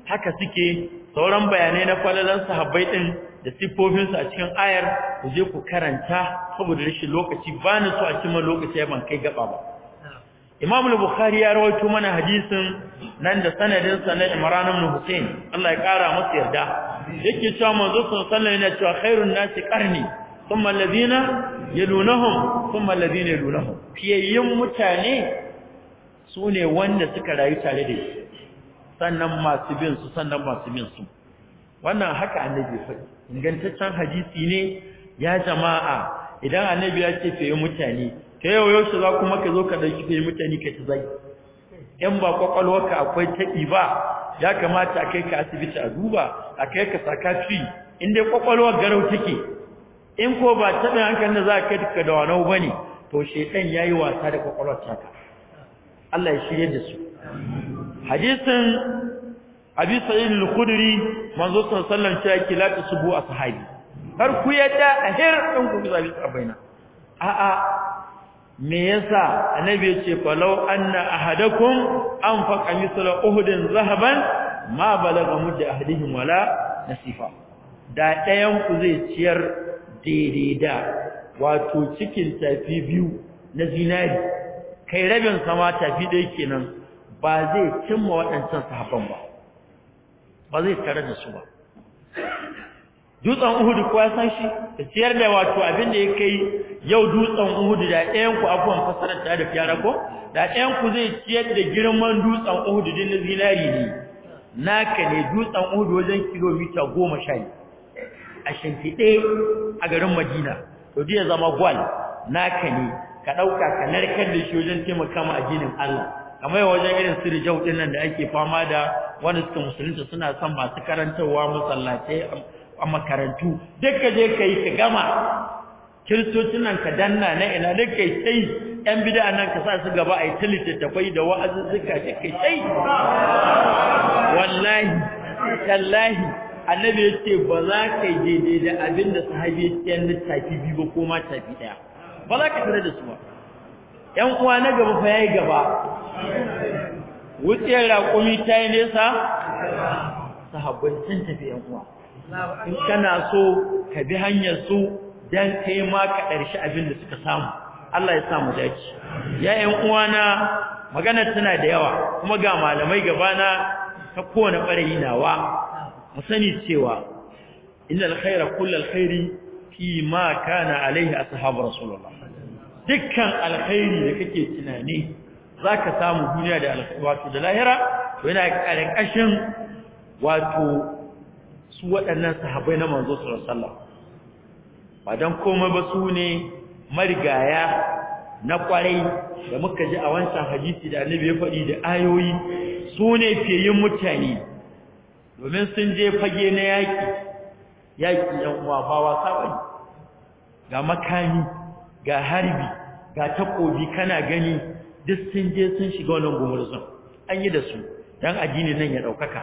Speaker 4: haka suke sauran bayanai na kwalalan sahabbai din da siffofinsu a cikin ayar ku je ku karanta saboda rashin lokaci ba ni so a cima lokaci ya ban kai gaba ba Imam al-Bukhari ya rawaito mana hadisin nan da sanadin na Imran ibn Hussein Allah ya kara masa yarda yake cewa manzo sallallahu alaihi wasallam cewa khairun nasi qarni thumma alladhina yalunahum thumma alladhina yalunahum fiyayyin mutane sune wanda suka rayu tare da shi sannan masu bin su sannan masu bin su wannan haka annabi faɗi ingantaccen hadisi ne ya jama'a idan annabi ya ce fiye mutane ta yau yau shi za kuma ka zo ka ɗauki fiye mutane ka ci zai in ba kwakwalwarka akwai taɓi ba ya kamata a kai ka asibiti a duba a kai ka sakatri in dai kwakwalwar garau take in ko ba taɓin hankali da za ka kai da wanau ba ne to shaidan ya yi wasa da kwakwalwar taka Allah ya shirya da su hadisin abi sa'id al-khudri manzo sallallahu alaihi wasallam ya kila subu ashabi har ku yadda ahir din ku zabi abaina a a me yasa annabi ya ce falau anna ahadakum anfaqa mithla uhudin zahaban ma balagha mudda ahadihim wala nasifa da ɗayan ku zai ciyar daidai wato cikin tafi biyu na zinari kai rabin sama tafi ɗaya kenan ba zai cimma waɗancan sahaban ba ba zai tare da su ba dutsen uhudu kuwa san shi da ciyar da wato abin da ya kai yau dutsen uhudu da ɗayanku abubuwan fasarar ta da fiyara ko da ɗayanku zai ciyar da girman dutsen uhudu din na zinari ne naka ne dutsen uhudu wajen kilomita goma sha ne a shimfiɗe a garin madina to ya zama gwal naka ne ka ɗauka ka narkar da shi wajen taimaka ma addinin allah kamar wajen irin su rijau din nan da ake fama da wanda suka musulunta suna son masu karantarwa masallatai a makarantu duk ka je ka yi ka gama kiristocin nan ka danna na ina duk kai sai yan bid'a nan ka sa su gaba a ai littattafai da zuka duk kai sai wallahi tallahi annabi yace ba za ka yi daidai da abin da sahabi ya ce littafi biyu ba ko ma tafi daya ba za ka tare da su ba yan uwa na gaba fa yayi gaba wuciyar raƙumi ta yi nesa sahabbai sun tafi yan uwa in kana so ka bi hanyar su don ka yi maka ɗarshe abin da suka samu Allah ya samu dace ya yan na, maganar tana da yawa kuma ga malamai gaba na, ta kowane ɓarayi nawa mu sani cewa inna alkhaira kullal khairi fi ma kana alaihi ashabu rasulullah dukkan alkhairi da kake tunani zaka samu duniya da wato da lahira to yana karkashin wato su waɗannan sahabbai na manzo sallallahu alaihi wasallam ba dan komai ba su ne marigaya na kwarai da muka ji a wancan hadisi da annabi ya faɗi da ayoyi su ne fiyin mutane domin sun je fage na yaƙi yaƙi yan uwa ba wasa bane ga makami ga harbi ga takobi kana gani duk sun je sun shiga wannan gumurzun an yi da su dan addini nan ya daukaka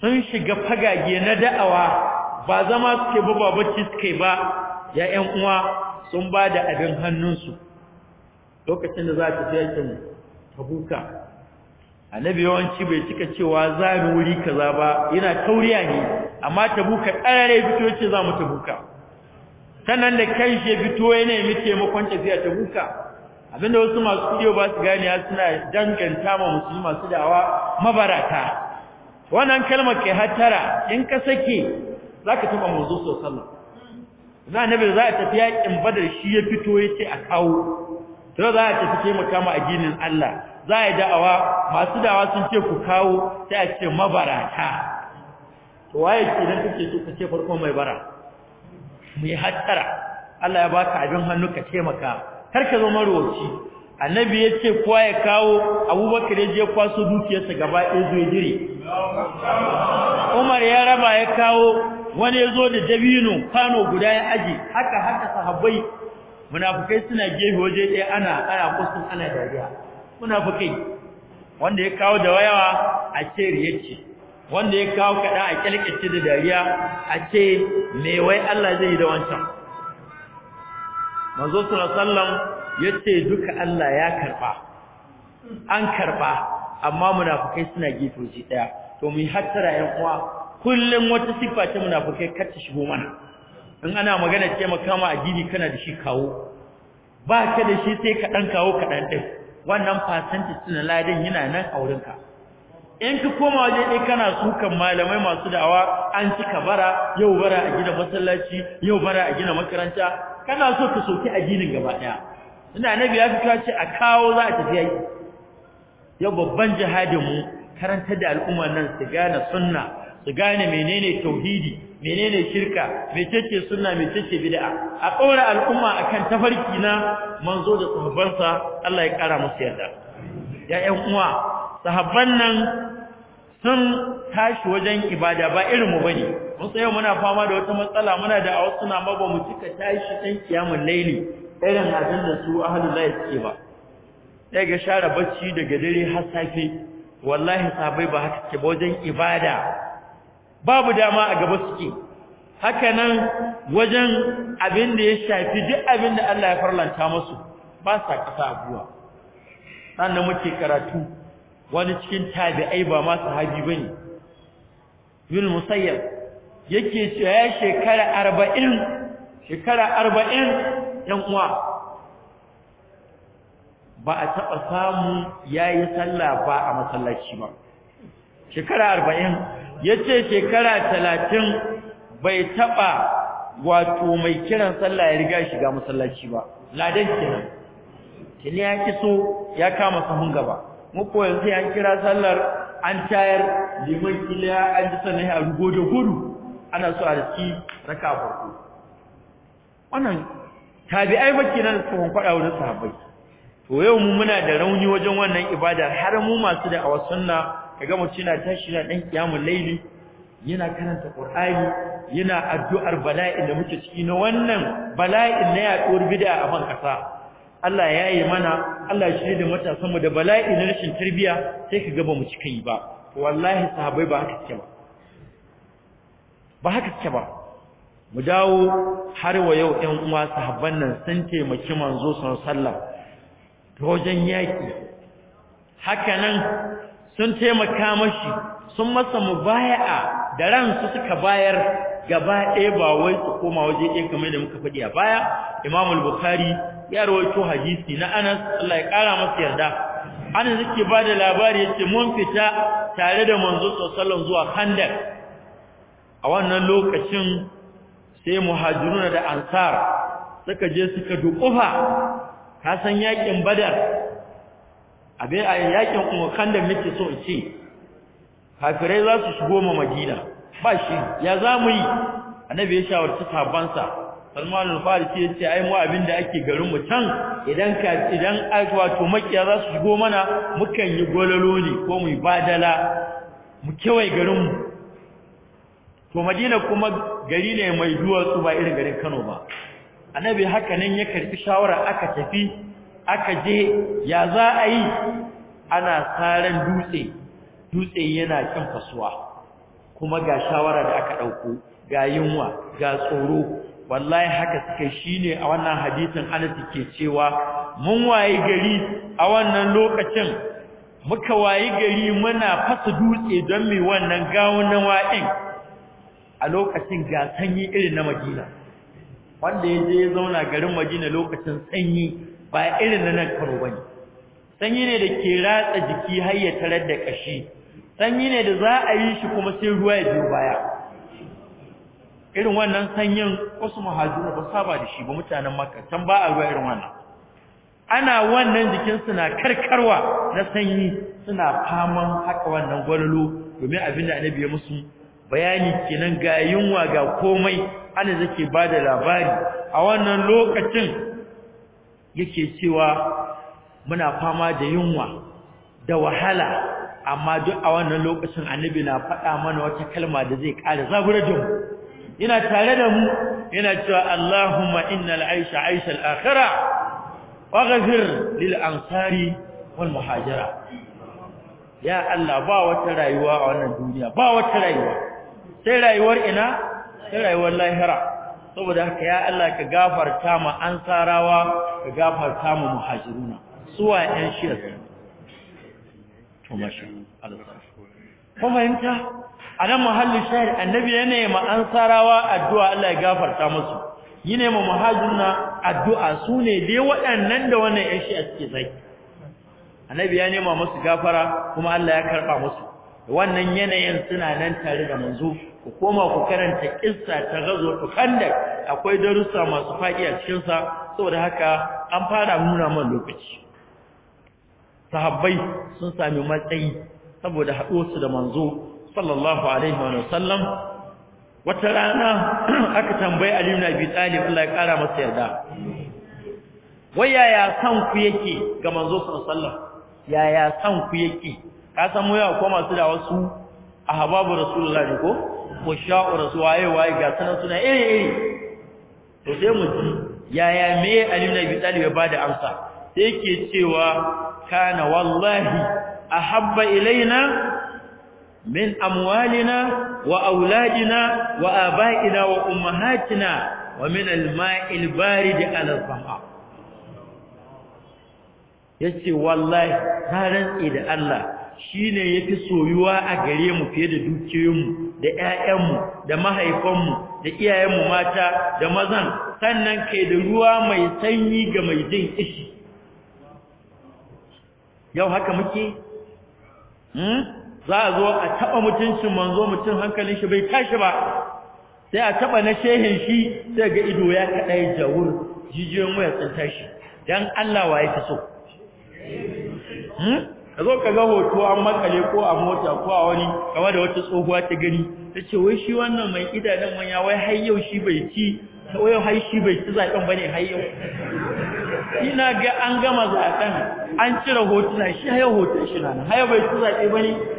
Speaker 4: sun shiga fagage na da'awa ba zama suke ba ba bacci suke ba ya ƴan uwa sun ba da abin hannunsu lokacin da za ta je yakin tabuka annabi yawanci bai cika cewa za mu wuri kaza ba yana tauriya ne amma tabuka ƙarare fito ce za mu tabuka sannan da kai shi fito ya nemi taimakon tafiya ta buka abinda wasu masu kudiyo ba su gani suna danganta ma musulmi masu da'awa mabarata wannan kalmar ke hattara in ka sake za ka taɓa mazu sosallu za a nabi za a tafi yaƙin badar shi ya fito ya ce a kawo ta za a tafi taimaka ma addinin Allah za a yi da'awa masu da'awa sun ce ku kawo sai a ce mabarata to waye ke nan kake ka ce farko mai bara mai hattara Allah ya baka abin hannu ka taimaka kar ka zo marwaci annabi ya ce kowa ya kawo abubakar ya je kwaso dukiyarsa gaba ɗaya zo dire
Speaker 2: umar ya raba ya
Speaker 4: kawo wani ya zo da dabino kano guda ya aji haka haka sahabbai munafukai suna gefe waje ɗaya ana ana kusun ana dariya munafukai wanda ya kawo da wayawa a ce wanda ya kawo kaɗa a kyalkyace da dariya a ce me wai Allah zai yi da wancan manzo sallallahu ya duka Allah ya karɓa an karɓa amma munafukai suna ji daya to mu yi hattara 'yan uwa kullum wata sifa ta munafukai kar ta shigo mana in ana magana ce maka ma kana da shi kawo ba ka da shi sai ka dan kawo kaɗan ɗin wannan percentage na ladin yana nan a wurinka in ka koma waje ɗaya kana sukan malamai masu da'awa an cika bara yau bara a gina masallaci yau bara a gina makaranta kana so ka soki addinin gaba ɗaya ina nabi ya fito ce a kawo za a tafi yaki yau babban jihadin mu karanta da al'umma nan su gane sunna su gane menene tauhidi menene shirka mecece sunna mecece bid'a a ƙaura al'umma akan tafarki na manzo da sa Allah ya kara musu yarda ya ƴan uwa sahabban nan sun tashi wajen ibada ba irin mu bane Wasu yau muna fama da wata matsala muna da awa suna ma ba mu cika tashi dan kiyamul laili irin hadin da su ahlul lahi suke ba sai ga share bacci daga dare har safe wallahi sabai ba haka ke ba wajen ibada babu dama a gaba suke haka nan wajen abin da ya shafi duk abin da Allah ya farlanta musu ba sa kasa abuwa sannan muke karatu wani cikin tabi'ai ba ma sahabi bane bil musayyab yake cewa ya shekara 40 shekara 40 yan uwa ba a taba samu yayi sallah ba a masallaci ba shekara 40 yace shekara 30 bai taba wato mai kiran sallah ya riga shiga masallaci ba ladan kenan ya kiso ya kama sahun gaba muku yanzu an kira sallar an tayar liman kiliya an ji sanai a rugo da gudu ana so a ci raka farko wannan tabi'ai baki nan su hon kwada wurin sahabbai to yau mu muna da rauni wajen wannan ibada har mu masu da awa sunna kaga mutum cina tashi na dan kiyamul laili yana karanta qur'ani yana addu'ar bala'in da muke ciki na wannan bala'in na yaɗuwar bid'a a ban ƙasa. Allah ya yi mana Allah shi da matasan mu da bala'i na rashin tarbiya sai ka gaba mu cika yi ba wallahi sahabbai ba haka suke ba ba haka suke ba mu dawo har wa yau ɗan uwa sahabban nan sun taimaki manzo sun sallah ta wajen yaƙi haka nan sun taimaka mashi sun masa baya'a, da ransu suka bayar gaba ɗaya ba wai su koma waje ɗaya kamar da muka faɗi a baya imamul bukhari ya rawaito hadisi na Anas Allah ya kara masa yarda Anas yake da labari yace mun fita tare da manzo sallallahu zuwa Khandaq a wannan lokacin sai muhajiruna da ansar suka je suka dukufa ka san yakin Badar abin a yakin Khandaq nake so in ce kafirai za su shigo ma Madina ba shi ya zamu yi annabi ya shawarci tabansa Salman al-Farisi yace ai mu abin da ake garin mu can idan ka idan wato makiya za su shigo mana mukan yi gololo ne ko mu badala mu kewaye garin mu to Madina kuma gari ne mai duwatsu ba irin garin Kano ba annabi haka nan ya karbi shawara aka tafi aka je ya za a yi ana saran dutse dutse yana kan fasuwa kuma ga shawara da aka dauko ga yunwa ga tsoro wallahi haka suka shine a wannan hadisin Anas ke cewa mun waye gari a wannan lokacin muka waye gari muna fasa dutse don mai wannan gawunan wa'in a lokacin ga sanyi irin na Madina wanda ya je ya zauna garin Madina lokacin sanyi ba irin na nan karo bane sanyi ne da ke ratsa jiki har ya tarar da kashi sanyi ne da za a yi shi kuma sai ruwa ya biyo baya irin wannan sanyin wasu muhajiru ba saba da shi ba mutanen makka can ba a ruwa irin wannan ana wannan jikinsu na karkarwa na sanyi suna faman haka wannan gwalolo domin abin da annabi ya musu bayani kenan ga yunwa ga komai ana zake ba da labari a wannan lokacin yake cewa muna fama da yunwa da wahala amma duk a wannan lokacin annabi na faɗa mana wata kalma da zai ƙara zaburar da mu yana tare da mu yana cewa Allahumma innal aisha aisha al-akhirah waghfir lil ansari wal muhajira ya Allah ba wata rayuwa a wannan duniya ba wata rayuwa sai rayuwar ina sai rayuwar lahira saboda haka ya Allah ka gafarta mu ansarawa ka gafarta mu muhajiruna suwa yan shirka
Speaker 2: to masha Allah
Speaker 4: ko fahimta a nan mahallin shahid annabi ya nema sarawa addu'a Allah ya gafarta musu yi nema muhajirna addu'a su ne dai waɗannan da wannan ‘yan shi'a suke zai annabi ya nema musu gafara kuma Allah ya karɓa musu wannan yanayin suna nan tare da manzo ku koma ku karanta kissa ta gazo to kandar akwai darussa masu faɗi a cikin sa saboda haka an fara nuna man lokaci sahabbai sun sami matsayi saboda haɗo su da manzo sallallahu alaihi wa sallam wata rana aka tambayi Ali ibn Abi Talib Allah ya kara masa yarda wayaya san ku yake ga manzo sallallahu alaihi wa sallam yaya san ku yake ka san mu ya koma da wasu ahbabu rasulullahi ko ko sha'u rasulai wai ga sanan suna eh eh to sai mu ji yaya me Ali ibn Abi Talib ya bada amsa yake cewa kana wallahi ahabba ilaina من أموالنا وأولادنا وآبائنا وأمهاتنا ومن الماء البارد على الضماء yace wallahi haran da Allah shine yafi soyuwa a gare mu fiye da dukiyoyinmu da mu, da mu, da iyayen mu mata da mazan sannan kai da ruwa mai sanyi ga mai jin ishi yau haka muke hmm za a zo a taba mutuncin manzo mutun hankalin shi bai tashi ba sai a taba na shehin shi sai ga ido ya kadai jawur jijiyoyin waya sun tashi dan Allah waye fi so hmm? zo ka ga hoto an makale ko a mota ko a wani kamar da wata tsohuwa ta gani tace wai shi wannan mai idanun manya wai har yau shi bai ci wai har shi bai ci zaben bane har yau ina ga an gama zaben an cire hotuna shi yau hotun shi nan yau bai ci ba bane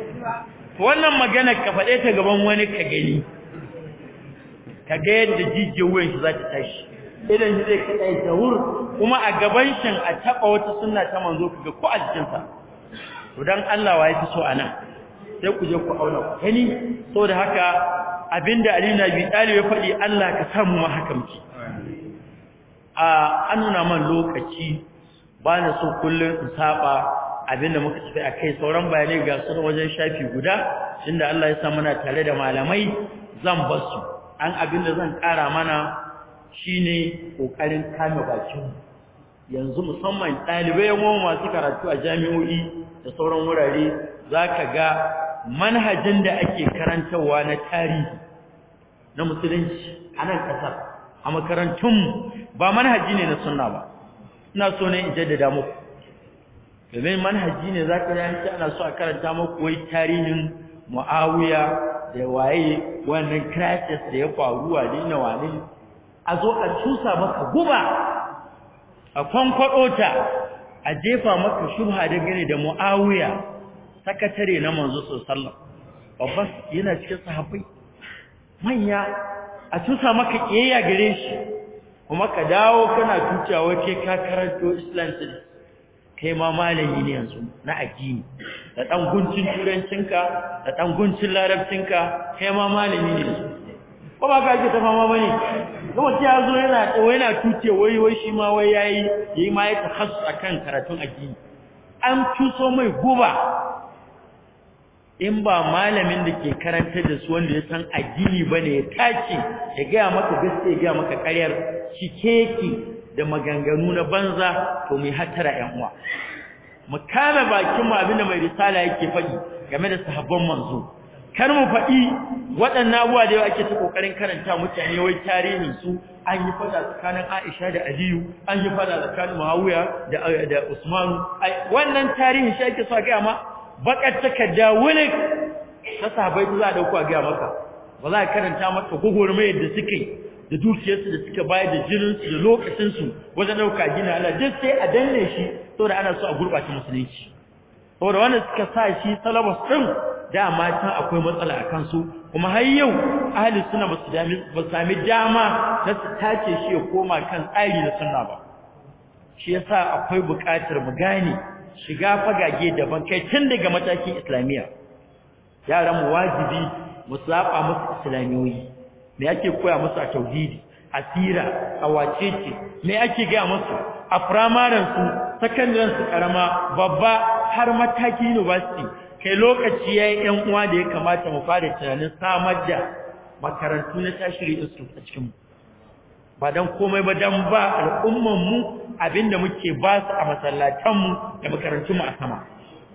Speaker 4: wannan magana ka faɗe ta gaban wani ka gani ka ga yadda jijiyar shi za ta tashi idan shi zai kaɗa ta wur kuma a gaban shi a taɓa wata suna ta manzo ku ga ko a jikinsa to don Allah wa ya fi so a nan sai ku je ku auna ku gani da haka abinda Ali na bi ɗalibai faɗi Allah ka samu mahakamci a an nuna man lokaci ba na so kullum in saba Abin da muka tafi a kai sauran bayanai ga su wajen shafi guda inda Allah ya sa muna tare da malamai zan basu an abin da zan kara mana shine kokarin kame bakin yanzu musamman dalibai mu masu karatu a jami'o'i da sauran wurare zaka ga manhajin da ake karantawa na tarihi na musulunci a nan kasar a makarantun ba manhaji ne na sunna ba ina so ne in jaddada muku domin manhaji ne za ka yi yanci ana so a karanta maku wai tarihin Muawiya da waye wannan crisis da ya faru wa dina wani a zo a tusa maka guba a kwankwado ta a jefa maka shubha da gane da Muawiya sakatare na manzo sallallahu babban yana cikin sahabbai manya a tusa maka kiyayya gare shi
Speaker 2: kuma ka dawo kana tuciya
Speaker 4: ke ka karanto Islam din kai ma malami ne yanzu na addini da ɗan guncin turancinka da ɗan guncin larabcinka kai ma malami ne ko ba ka ji ta fama bane kuma ta zo yana yana tuce wai wai shi ma wai yayi yayi ma ya tahassu akan karatun addini an tuso mai guba in ba malamin da ke karantar da su wanda ya san addini bane ya tace ya ga maka gaskiya ya ga maka ƙaryar shi keke da maganganu na banza to mai hattara ƴan uwa mu kame bakin mu abinda mai risala yake faɗi game da sahabban manzo kar mu faɗi waɗannan abuwa da yau ake ta kokarin karanta mutane wai tarihin su an yi fada tsakanin Aisha da Aliyu an yi fada tsakanin Muawiya da da Usman wannan tarihin shi yake so ga ma bakar takadda wulik ta sahabbai za a dauko ga maka ba za a karanta maka gugurmai da suke da dukiyarsu da suka bayar da jininsu da lokacinsu wajen ɗauka gina Allah duk sai a danne shi saboda ana so a gurɓace musulunci saboda wannan suka sa shi salabas ɗin dama can akwai matsala a kansu kuma har yau ahli suna ba su sami dama na su tace shi ya koma kan tsari da sunna ba shi yasa akwai buƙatar mu gane shiga fagage daban kai tun daga matakin islamiyya yaran mu wajibi mu saba musu islamiyoyi me ake koya musu a tauhidi A asira a wacece me ake gaya musu a primary su secondary su karama babba har mataki university kai lokaci yayi yan uwa da ya kamata mu fara tunanin samar da makarantu na tashiri institute a cikin ba dan komai ba dan ba al'umman mu abinda muke ba su a masallatan mu da makarantun mu a sama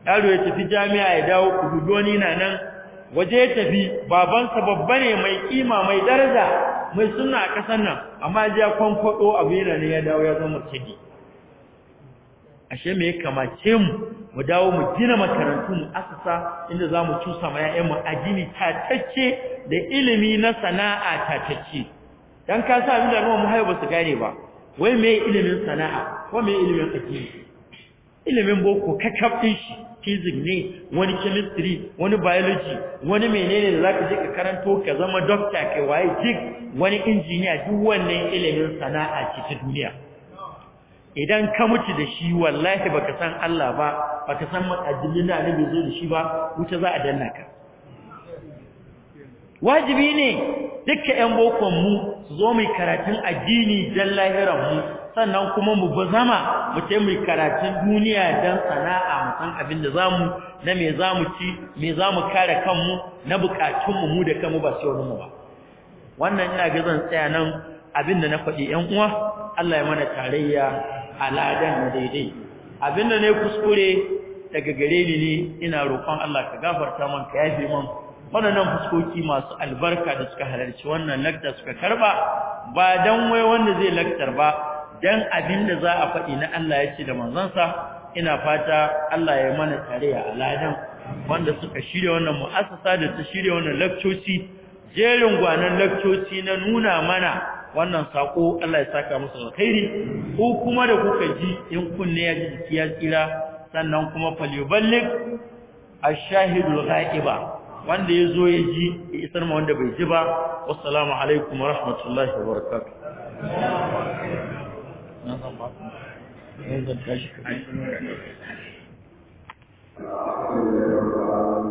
Speaker 4: yaro ya tafi jami'a ya dawo kududoni na nan waje ya tafi babansa babba ne mai kima mai daraja mai sunna a ƙasar nan amma ya kwankwado abu yana ne ya dawo ya zama kidi ashe me ya kamace mu mu dawo mu gina makarantu mu asasa inda za mu cusa ma ƴaƴan mu ta tatacce da ilimi na sana'a tatacce dan ka sa abin da mu haihu su gane ba wai me ilimin sana'a ko me ilimin addini ilimin boko kakaf din shi physics ne wani chemistry wani biology wani menene da zaka je ka karanto ka zama doctor kai waye dik wani engineer duk wannan ilimin sana'a ce ta duniya idan ka mutu da shi wallahi baka san Allah ba baka san madajin da bai zo da shi ba wuta za a danna ka wajibi ne dukkan ƴan bokon mu su zo mu karatun addini dan lahiran mu sannan kuma mu bazama mu ce mu karatun duniya dan sana'a mu san abin da zamu na me zamu ci me zamu kare kanmu na bukatun mu da kanmu ba sai wani mu ba wannan ina ga zan tsaya nan abin da na faɗi ƴan uwa Allah ya mana tarayya a ladan daidai abin da ne kuskure daga gare ni ne ina roƙon Allah ka gafarta man ka yafe man waɗannan fuskoki masu albarka da suka halarci wannan lakta suka karba ba dan wai wanda zai laktar ba dan abinda za a faɗi na Allah ya ce da manzansa ina fata Allah ya mana tare a aladan wanda suka shirya wannan mu'assasa da ta shirya wannan lakcoci jerin gwanan lakcoci na nuna mana wannan sako Allah ya saka musu alkhairi ko kuma da kuka ji in kunne ya ji ya tsira sannan kuma falyuballik ash-shahidul ghaiba wanda ya zo ya ji ya isar ma wanda bai ji ba wassalamu alaikum wa rahmatullahi wa
Speaker 2: barakatuh